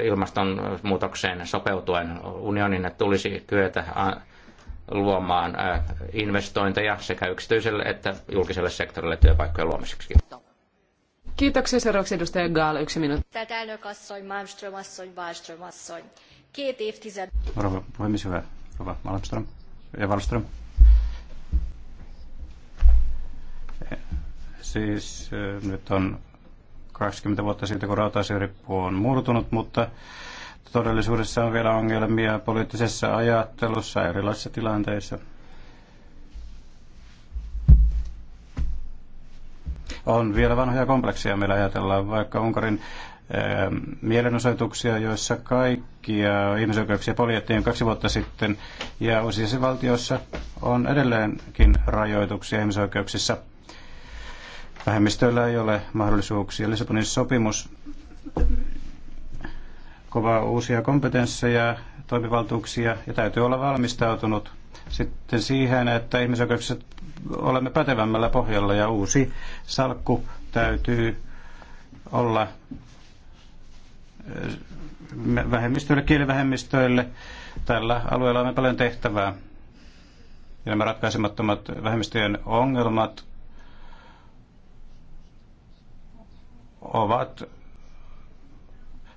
ilmastonmuutokseen sopeutuen. Unionin tulisi kyetä luomaan investointeja sekä yksityiselle että julkiselle sektorille työpaikkojen luomiseksi. Kiitoksia. Seuraavaksi edustaja Gaal, yksi minuutti. Tätä elnök asszony, Malmström asszony, Wallström asszony. Két évtized... Rova puhemies, hyvä. Rova Malmström ja Wallström. Siis nyt on 20 vuotta siitä, kun rautaisyrippu on murtunut, mutta todellisuudessa on vielä ongelmia poliittisessa ajattelussa erilaisissa tilanteissa – on vielä vanhoja kompleksia. Meillä ajatellaan vaikka Unkarin eh, mielenosoituksia, joissa kaikkia ihmisoikeuksia poljettiin kaksi vuotta sitten. Ja useissa valtioissa on edelleenkin rajoituksia ihmisoikeuksissa. Vähemmistöillä ei ole mahdollisuuksia. Lissabonin sopimus kovaa uusia kompetensseja, toimivaltuuksia ja täytyy olla valmistautunut sitten siihen, että ihmisoikeukset olemme pätevämmällä pohjalla ja uusi salkku täytyy olla eh, vähemmistöille, kielivähemmistöille. Tällä alueella on paljon tehtävää. Ja nämä ratkaisemattomat vähemmistöjen ongelmat ovat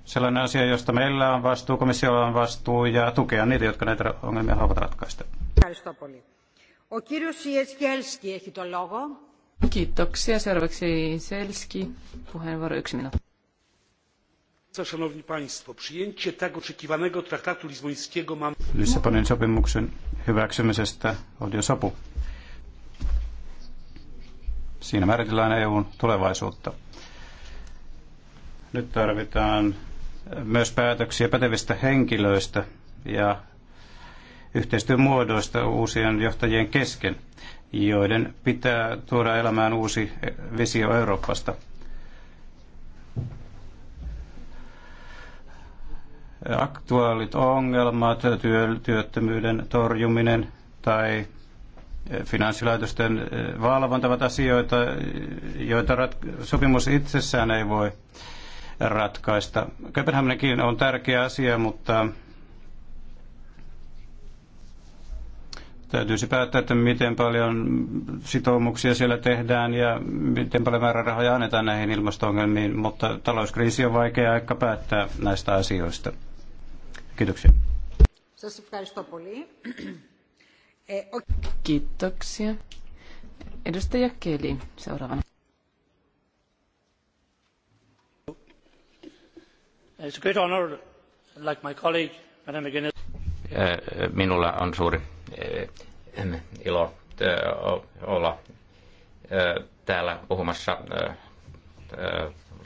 sellainen asia, josta meillä on vastuu, komissiolla on vastuu ja tukea niitä, jotka näitä ongelmia haluavat ratkaista. Ευχαριστώ πολύ. Ο κύριος Sieskelski έχει το λόγο. Kiitoksia. Seuraavaksi Selski. Puheenvuoro yksi minuutti. Szanowni Państwo, przyjęcie tak oczekiwanego traktatu lizbońskiego mam... Lissabonin sopimuksen hyväksymisestä Siinä määritellään EUn tulevaisuutta. Nyt tarvitaan äh, myös päätöksiä pätevistä henkilöistä ja yhteistyön muodoista uusien johtajien kesken, joiden pitää tuoda elämään uusi visio Euroopasta. Aktuaalit ongelmat, työttömyyden torjuminen tai finanssilaitosten eh, valvontavat asioita, joita rat- sopimus itsessään ei voi ratkaista. Kööpenhaminakin on tärkeä asia, mutta Täytyisi päättää, että miten paljon sitoumuksia siellä tehdään ja miten paljon määrärahoja annetaan näihin ilmasto-ongelmiin, mutta talouskriisi on vaikea aika päättää näistä asioista. Kiitoksia. Kiitoksia. Edustaja Keli seuraavana. It's a great like my colleague, McGuinness. Äh, minulla on suuri ilo olla täällä puhumassa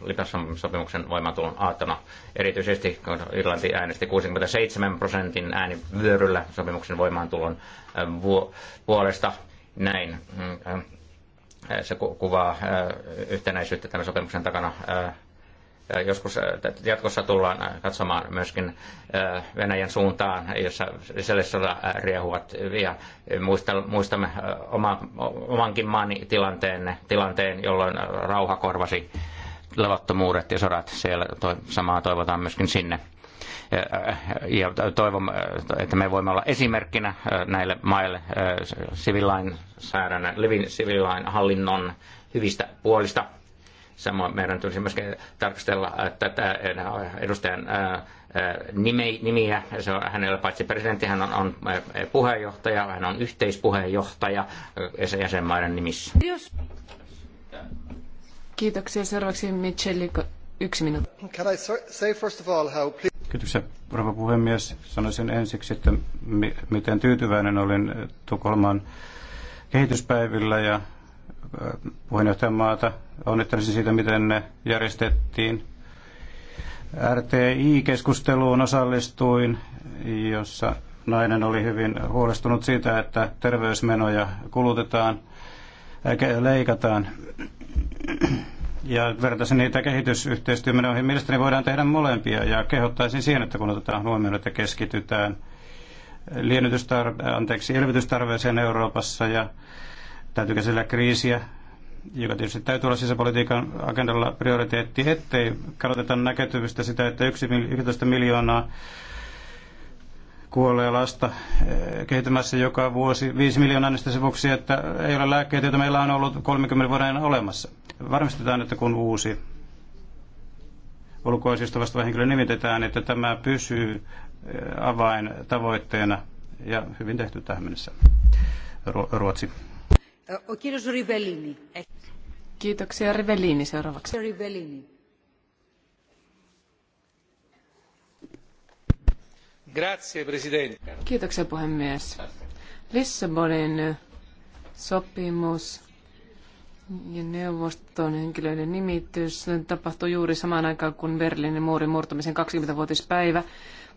Lipasson sopimuksen voimaantulon aattona. Erityisesti kun Irlanti äänesti 67 prosentin äänivyöryllä sopimuksen voimaantulon puolesta. Näin mm, se kuvaa yhtenäisyyttä tämän sopimuksen takana joskus äh, jatkossa tullaan äh, katsomaan myöskin äh, Venäjän suuntaan, jossa sisällissoda riehuvat. Ja muistamme oma, omankin maani tilanteen, tilanteen, jolloin rauha korvasi levottomuudet ja sodat. Siellä samaa toivotaan myöskin sinne. Ja toivon, että me voimme olla esimerkkinä näille maille sivilain hallinnon hyvistä puolista Samoin meidän tulisi myös tarkastella äh, tätä äh, edustajan äh, nimiä. Se on hänellä paitsi presidentti, hän on, on puheenjohtaja, hän on yhteispuheenjohtaja jäsenmaiden nimissä. Kiitoksia. Seuraavaksi Michelle, yksi minuutti. Can I say first of all how Kiitoksia, rouva puhemies. Sanoisin ensiksi, että miten tyytyväinen olin Tukholman kehityspäivillä ja puheenjohtajamaata. Onnittelisin siitä, miten ne järjestettiin. RTI-keskusteluun osallistuin, jossa nainen oli hyvin huolestunut siitä, että terveysmenoja kulutetaan, leikataan. Ja vertaisin niitä kehitysyhteistyömenoihin. Mielestäni voidaan tehdä molempia ja kehottaisin siihen, että kun otetaan huomioon, että keskitytään anteeksi, elvytystarveeseen Euroopassa ja Täytyy käsitellä kriisiä, joka tietysti täytyy olla sisäpolitiikan agendalla prioriteetti, ettei kadoteta näkötyvistä sitä, että 11 miljoonaa kuolee lasta eh, kehitymässä joka vuosi 5 miljoonaa näistä sen vuoksi, että ei ole lääkkeitä, joita meillä on ollut 30 vuoden ajan olemassa. Varmistetaan, että kun uusi ulkoasiasta vastaava henkilö nimitetään, että tämä pysyy eh, avain tavoitteena ja hyvin tehty tähän mennessä. Ruotsi. Kiitoksia. Rivellini seuraavaksi. Rivellini. Grazie, presidente. Kiitoksia puhemies. Lissabonin sopimus ja neuvoston henkilöiden nimitys tapahtui juuri samaan aikaan kuin Berliinin muurin murtumisen kaksikymmentä vuotispäivä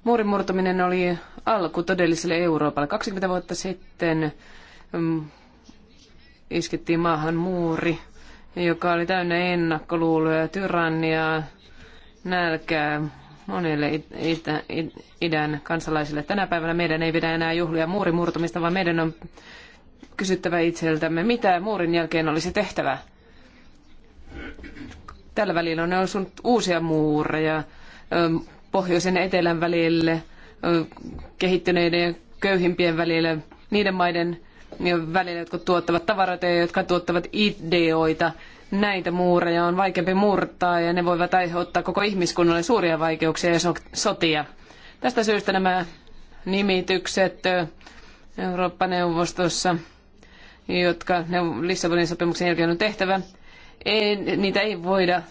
Muurin murtuminen oli alku todelliselle Euroopalle. kaksikymmentä vuotta sitten mm, iskettiin maahan muuri, joka oli täynnä ennakkoluuloja, tyranniaa, nälkää monille itä, idän kansalaisille. Tänä päivänä meidän ei pidä enää juhlia muurimurtumista, vaan meidän on kysyttävä itseltämme, mitä muurin jälkeen olisi tehtävä. Tällä välillä on osunut uusia muureja pohjoisen ja etelän välille, kehittyneiden ja köyhimpien välille, niiden maiden välillä, jotka tuottavat tavaroita ja jotka tuottavat ideoita. Näitä muureja on vaikeampi murtaa ja ne voivat aiheuttaa koko ihmiskunnalle suuria vaikeuksia ja sotia. Tästä syystä nämä nimitykset Eurooppa-neuvostossa, jotka Lissabonin sopimuksen jälkeen on tehtävä, ei, niitä ei voida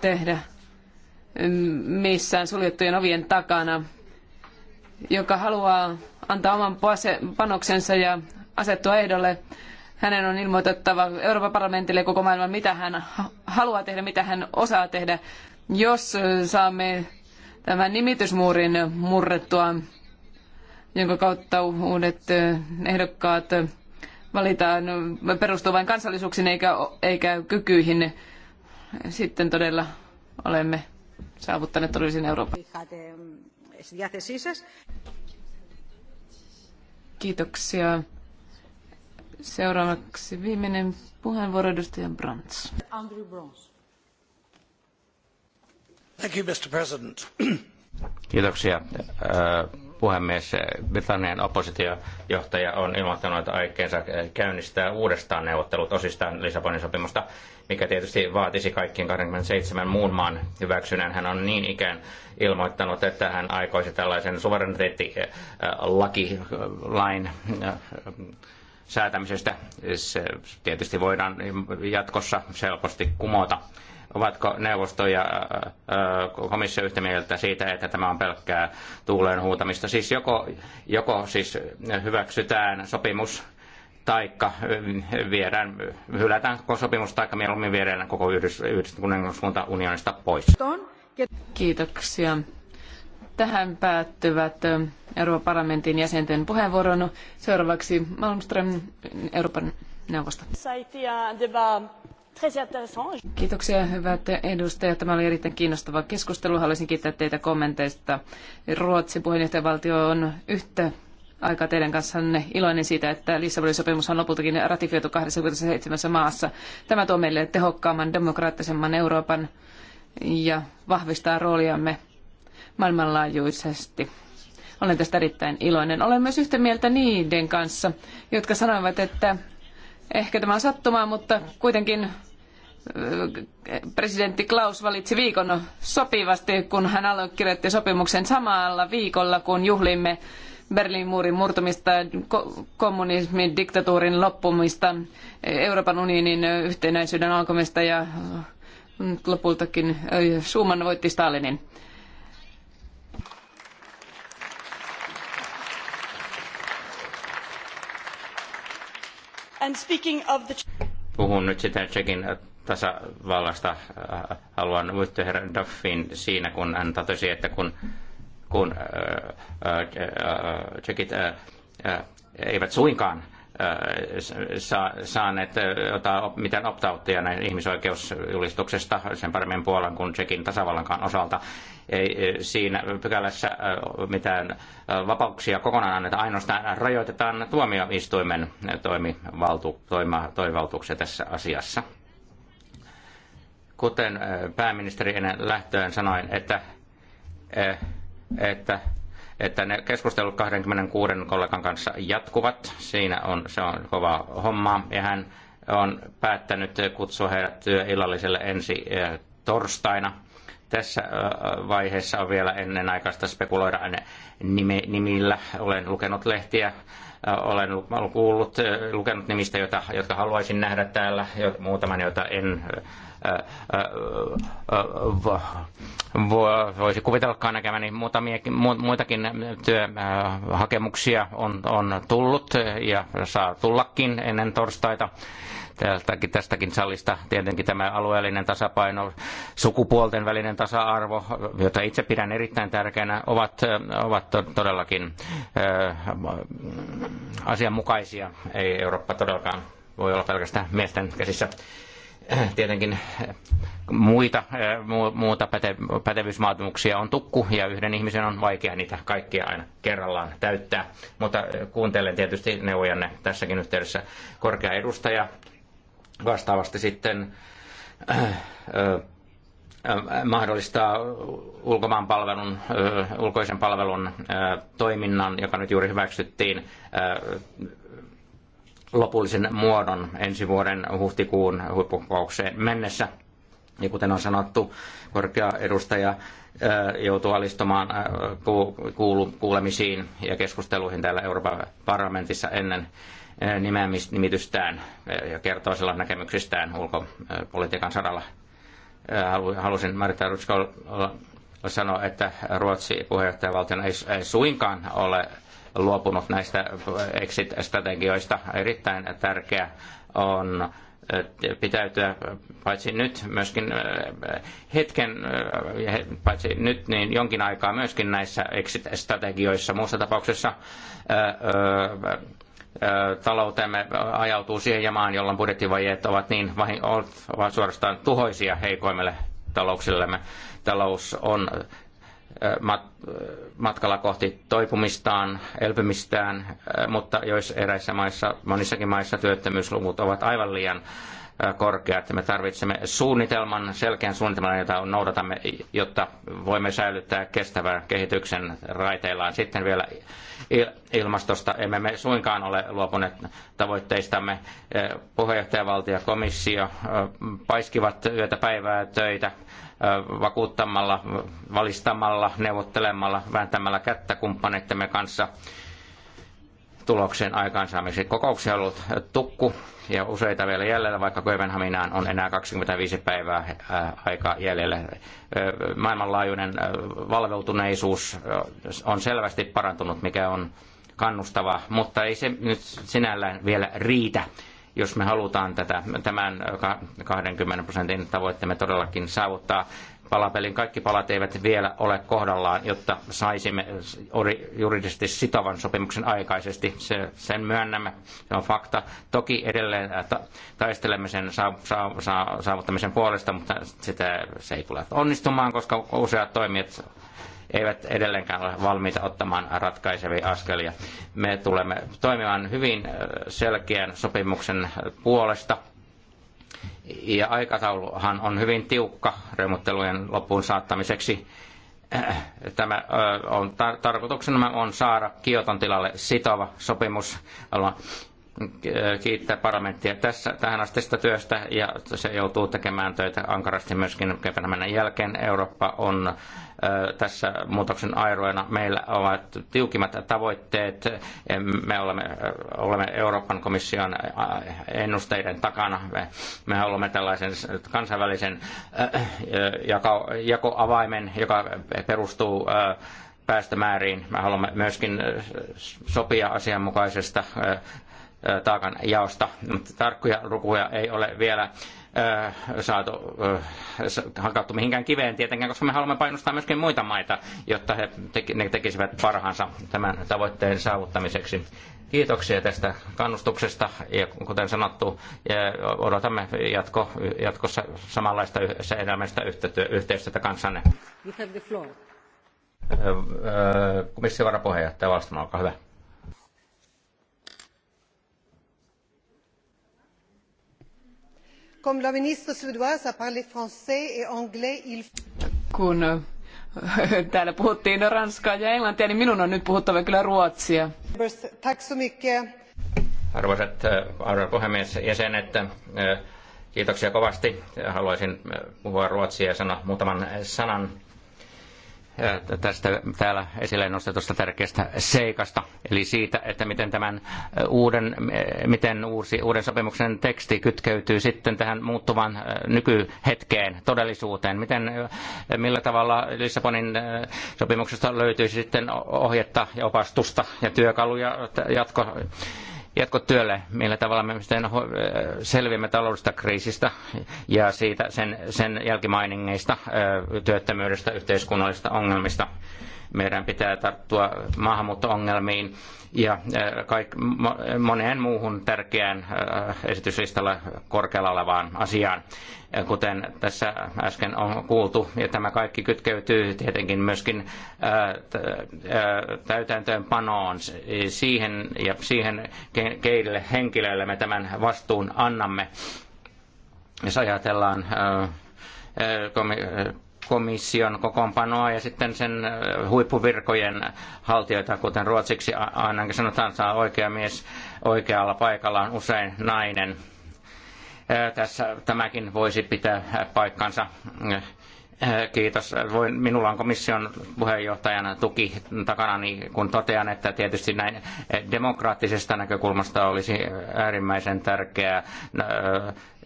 tehdä mm, missään suljettujen ovien takana. Joka haluaa antaa oman panoksensa ja asettua ehdolle. Hänen on ilmoitettava Euroopan parlamentille ja koko maailman, mitä hän haluaa tehdä, mitä hän osaa tehdä. Jos saamme tämän nimitysmuurin murrettua, jonka kautta uudet ehdokkaat valitaan perustuu vain kansallisuuksiin eikä, eikä kykyihin, sitten todella olemme saavuttaneet todellisen Euroopan. Kiitoksia. Seuraavaksi viimeinen puheenvuoro edustaja Brantz. Andrew Brons. Thank you, Mr. President. Kiitoksia äh, puhemies, Britannian oppositiojohtaja on ilmoittanut, että aikeensa käynnistää uudestaan neuvottelut osistaan Lissabonin sopimusta, mikä tietysti vaatisi kaikkien 27 muun maan hyväksynnän. Hän on niin ikään ilmoittanut, että hän aikoisi tällaisen suvereniteettilakilain äh, säätämisestä. Se tietysti voidaan jatkossa helposti kumota Ovatko neuvosto ja komissio yhtä mieltä siitä, että tämä on pelkkää tuuleen huutamista? Siis joko, joko siis hyväksytään sopimus taikka viedään, hylätään koko sopimus, taikka mieluummin viedään koko yhdistyskuningaskunta unionista pois. Kiitoksia. Tähän päättyvät Euroopan parlamentin jäsenten puheenvuoron. Seuraavaksi Malmström, Euroopan neuvosto. Kiitoksia hyvät edustajat. Tämä oli erittäin kiinnostava keskustelu. Haluaisin kiittää teitä kommenteista. Ruotsin puheenjohtajavaltio on yhtä aikaa teidän kanssanne iloinen siitä, että Lissabonin sopimus on lopultakin ratifioitu 27 maassa. Tämä tuo meille tehokkaamman, demokraattisemman Euroopan ja vahvistaa rooliamme maailmanlaajuisesti. Olen tästä erittäin iloinen. Olen myös yhtä mieltä niiden kanssa, jotka sanoivat, että Ehkä tämä on sattumaa, mutta kuitenkin äh, presidentti Klaus valitsi viikon sopivasti, kun hän allekirjoitti sopimuksen samalla viikolla, kun juhlimme Berliin muurin murtumista, kommunismin, diktatuurin loppumista, äh, Euroopan unionin äh, yhtenäisyyden alkamista ja lopultakin Suuman voitti Stalinin. Puhun nyt sitten Tsekin tasavallasta. Haluan muistaa herra Duffin siinä, kun hän totesi, että kun, kun ää, äh, äh, äh, tsekit eivät suinkaan Äh, saaneet äh, mitään optautteja näin ihmisoikeusjulistuksesta sen paremmin Puolan kuin Tsekin tasavallankaan osalta. Ei äh, siinä pykälässä mitään vapauksia kokonaan anneta, ainoastaan rajoitetaan tuomioistuimen toimivaltu, toima, toimivaltuuksia tässä asiassa. Kuten pääministeri ennen lähtöön sanoin, että, että että ne keskustelut 26 kollegan kanssa jatkuvat. Siinä on, se on kova homma ja hän on päättänyt kutsua heidät työillalliselle ensi eh, torstaina. Tässä eh, vaiheessa on vielä ennen aikaista spekuloida nimillä. Olen lukenut lehtiä eh, olen kuullut, lukenut nimistä, jota, jotka haluaisin nähdä täällä, muutaman, joita en voisi kuvitellakaan näkeväni. Muutamia, muitakin työhakemuksia on, on tullut ja saa tullakin ennen torstaita tältäkin, tästäkin salista tietenkin tämä alueellinen tasapaino, sukupuolten välinen tasa-arvo, jota itse pidän erittäin tärkeänä, ovat, ovat todellakin ö, asianmukaisia. Ei Eurooppa todellakaan voi olla pelkästään miesten käsissä tietenkin eh, muita, eh, muuta päte, pätevyysvaatimuksia on tukku ja yhden ihmisen on vaikea niitä kaikkia aina kerrallaan täyttää. Mutta eh, kuuntelen tietysti neuvojanne tässäkin yhteydessä korkea edustaja. Vastaavasti sitten äh, äh, mahdollistaa ulkomaan palvelun, ulkoisen palvelun toiminnan, joka nyt juuri hyväksyttiin lopullisen muodon ensi vuoden huhtikuun huippukokoukseen mennessä. Ja kuten on sanottu, korkea edustaja joutuu alistumaan kuulemisiin ja keskusteluihin täällä Euroopan parlamentissa ennen nimitystään ja kertoo silloin näkemyksistään ulkopolitiikan saralla. Halusin Marita Rutskolla sanoa, että Ruotsi puheenjohtajavaltiona ei suinkaan ole luopunut näistä exit-strategioista. Erittäin tärkeä on pitäytyä paitsi nyt myöskin äh, hetken, äh, paitsi nyt niin jonkin aikaa myöskin näissä exit-strategioissa. Muussa tapauksessa äh, taloutemme ajautuu siihen jamaan, jolloin budjettivajeet ovat niin ovat suorastaan tuhoisia heikoimmille talouksillemme. Talous on matkalla kohti toipumistaan, elpymistään, mutta jos eräissä maissa, monissakin maissa työttömyysluvut ovat aivan liian korkeat. Me tarvitsemme suunnitelman, selkeän suunnitelman, jota noudatamme, jotta voimme säilyttää kestävän kehityksen raiteillaan. Sitten vielä ilmastosta. Emme me suinkaan ole luopuneet tavoitteistamme. Puheenjohtajavaltio ja komissio paiskivat yötä päivää töitä vakuuttamalla, valistamalla, neuvottelemalla, vääntämällä kättä kumppaneittemme kanssa tuloksen aikaansaamiseksi. Kokouksia on ollut tukku ja useita vielä jäljellä, vaikka Kööpenhaminaan on enää 25 päivää aikaa jäljellä. Maailmanlaajuinen valveutuneisuus on selvästi parantunut, mikä on kannustava, mutta ei se nyt sinällään vielä riitä jos me halutaan tätä, tämän 20 prosentin tavoitteemme todellakin saavuttaa, palapelin kaikki palat eivät vielä ole kohdallaan, jotta saisimme juridisesti sitovan sopimuksen aikaisesti. Se, sen myönnämme, se on fakta. Toki edelleen äh, taistelemme sen saavuttamisen puolesta, mutta sitä, se ei tule onnistumaan, koska useat toimijat eivät edelleenkään ole valmiita ottamaan ratkaisevia askelia. Me tulemme toimimaan hyvin selkeän sopimuksen puolesta. Ja aikatauluhan on hyvin tiukka remuttelujen loppuun saattamiseksi. Äh, tämä on tar- tarkoituksena on saada Kioton tilalle sitova sopimus Äh, kiittää parlamenttia tässä, tähän astista työstä ja se joutuu tekemään töitä ankarasti myöskin Kööpenhaminan jälkeen. Eurooppa on äh, tässä muutoksen airoina. Meillä ovat tiukimmat tavoitteet. Me olemme, äh, olemme Euroopan komission ennusteiden takana. Me, me haluamme tällaisen kansainvälisen jakoavaimen, joka perustuu päästömääriin. Me haluamme myöskin sopia asianmukaisesta taakan jaosta, mutta tarkkoja lukuja ei ole vielä saatu hakattu mihinkään kiveen tietenkään, koska me haluamme painostaa myöskin muita maita, jotta he teki, ne tekisivät parhaansa tämän tavoitteen saavuttamiseksi. Kiitoksia tästä kannustuksesta ja kuten sanottu, odotamme jatko, jatkossa samanlaista elämästä yhteistyötä kanssanne. Komission varapuheenjohtaja Valstama, olkaa hyvä. Comme la ministre suédoise a parlé français et anglais, il... Kun äh, täällä puhuttiin ranskaa ja englantia, niin minun on nyt puhuttava kyllä ruotsia. Arvoisat äh, puhemies, jäsenet, äh, kiitoksia kovasti. Haluaisin puhua ruotsia ja sanoa muutaman sanan tästä täällä esille nostetusta tärkeästä seikasta, eli siitä, että miten tämän uuden, miten uusi, uuden sopimuksen teksti kytkeytyy sitten tähän muuttuvan nykyhetkeen, todellisuuteen. Miten, millä tavalla Lissabonin sopimuksesta löytyisi sitten ohjetta ja opastusta ja työkaluja jatko jatkotyölle, millä tavalla me sitten äh, selviämme taloudellisesta kriisistä ja siitä sen, sen jälkimainingeista, äh, työttömyydestä, yhteiskunnallisista ongelmista. Meidän pitää tarttua maahanmuutto-ongelmiin ja äh, kaik, moneen muuhun tärkeään äh, esityslistalla korkealla olevaan asiaan, kuten tässä äsken on kuultu. Ja tämä kaikki kytkeytyy tietenkin myöskin äh, täytäntöönpanoon siihen ja siihen, keille henkilöille me tämän vastuun annamme. Jos ajatellaan komission kokoonpanoa ja sitten sen huippuvirkojen haltijoita, kuten ruotsiksi ainakin sanotaan, saa oikea mies oikealla paikalla on usein nainen. Tässä tämäkin voisi pitää paikkansa Äh, kiitos. Voin, minulla on komission puheenjohtajana tuki takana, niin kun totean, että tietysti näin äh, demokraattisesta näkökulmasta olisi äärimmäisen tärkeää, äh,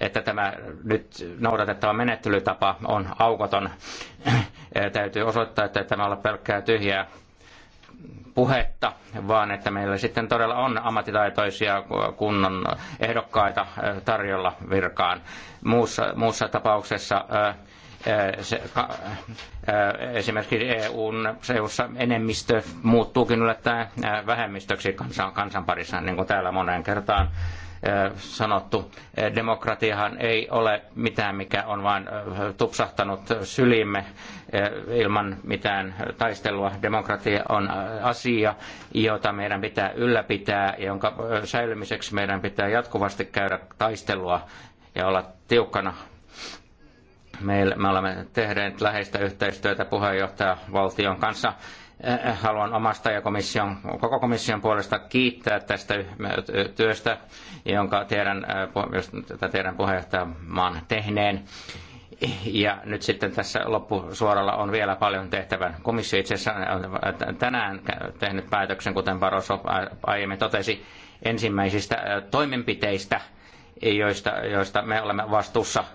että tämä nyt noudatettava menettelytapa on aukoton. Täytyy osoittaa, että tämä ole pelkkää tyhjää puhetta, vaan että meillä sitten todella on ammattitaitoisia kunnon ehdokkaita tarjolla virkaan. Muussa, muussa tapauksessa Äh, se, ka, äh, esimerkiksi EUn seussa enemmistö muuttuukin yllättäen äh, vähemmistöksi kansan, kansan parissa, niin kuin täällä moneen kertaan sanottu. Demokratiahan ei ole mitään, mikä on vain tupsahtanut syliimme ilman mitään taistelua. Demokratia on asia, jota meidän pitää ylläpitää, jonka säilymiseksi meidän pitää jatkuvasti käydä taistelua ja olla tiukkana Meillä, me olemme tehneet läheistä yhteistyötä puheenjohtajavaltion kanssa. Eh, eh, haluan omasta ja komission, koko komission puolesta kiittää tästä työstä, jonka tiedän, eh, jota tiedän puheenjohtajamaan tehneen. Ja nyt sitten tässä loppusuoralla on vielä paljon tehtävän. Komissio itse asiassa on tänään tehnyt päätöksen, kuten Barroso aiemmin totesi, ensimmäisistä toimenpiteistä, joista, joista me olemme vastuussa –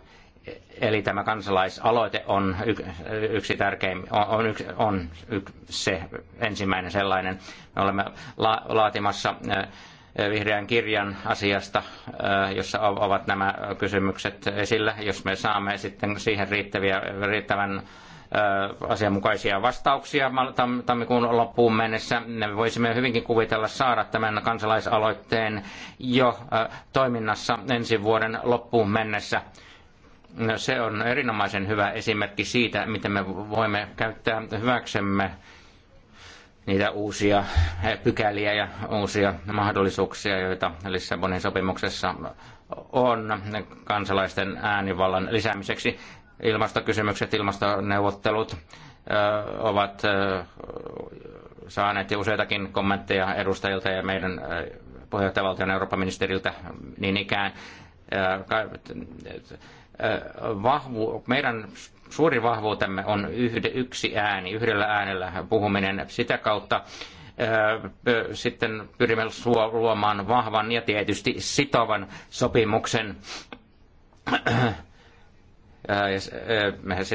Eli tämä kansalaisaloite on yksi tärkein, on, yksi, on yksi, se ensimmäinen sellainen. Me olemme la, laatimassa äh, vihreän kirjan asiasta, äh, jossa ovat nämä kysymykset esillä. Jos me saamme sitten siihen riittäviä, riittävän äh, asianmukaisia vastauksia tammikuun loppuun mennessä. Me voisimme hyvinkin kuvitella saada tämän kansalaisaloitteen jo toiminnassa ensi vuoden loppuun mennessä No, se on erinomaisen hyvä esimerkki siitä, miten me voimme käyttää hyväksemme niitä uusia pykäliä ja uusia mahdollisuuksia, joita Lissabonin sopimuksessa on kansalaisten äänivallan lisäämiseksi. Ilmastokysymykset, ilmastoneuvottelut ovat saaneet jo useitakin kommentteja edustajilta ja meidän puheenjohtajavaltion Euroopan ministeriltä niin ikään vahvu, meidän suuri vahvuutemme on yhde, yksi ääni, yhdellä äänellä puhuminen. Sitä kautta sitten pyrimme luomaan vahvan ja tietysti sitovan sopimuksen. Ja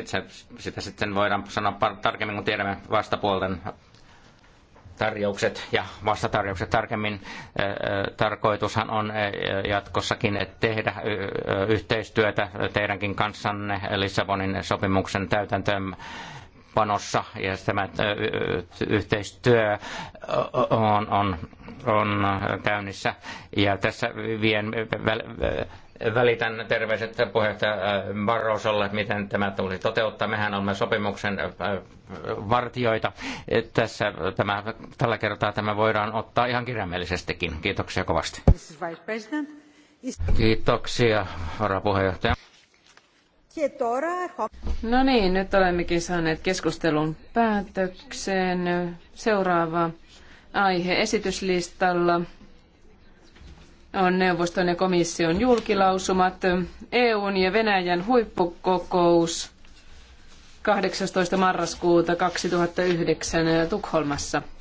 sitä sitten voidaan sanoa tarkemmin, kun tiedämme vastapuolten tarjoukset ja vastatarjoukset tarkemmin. Tarkoitushan on jatkossakin tehdä yhteistyötä teidänkin kanssanne Lissabonin sopimuksen täytäntöön panossa ja tämä yhteistyö on, on, on käynnissä. Ja tässä vien Välitän terveiset puheenjohtaja äh, Barrosolle, miten tämä tulisi toteuttaa. Mehän olemme sopimuksen äh, vartioita. Tässä, äh, tämä, tällä kertaa tämä voidaan ottaa ihan kirjaimellisestikin. Kiitoksia kovasti. Kiitoksia, varapuheenjohtaja. No niin, nyt olemmekin saaneet keskustelun päätökseen. Seuraava aihe esityslistalla on neuvoston ja komission julkilausumat, EUn ja Venäjän huippukokous 18. marraskuuta 2009 Tukholmassa.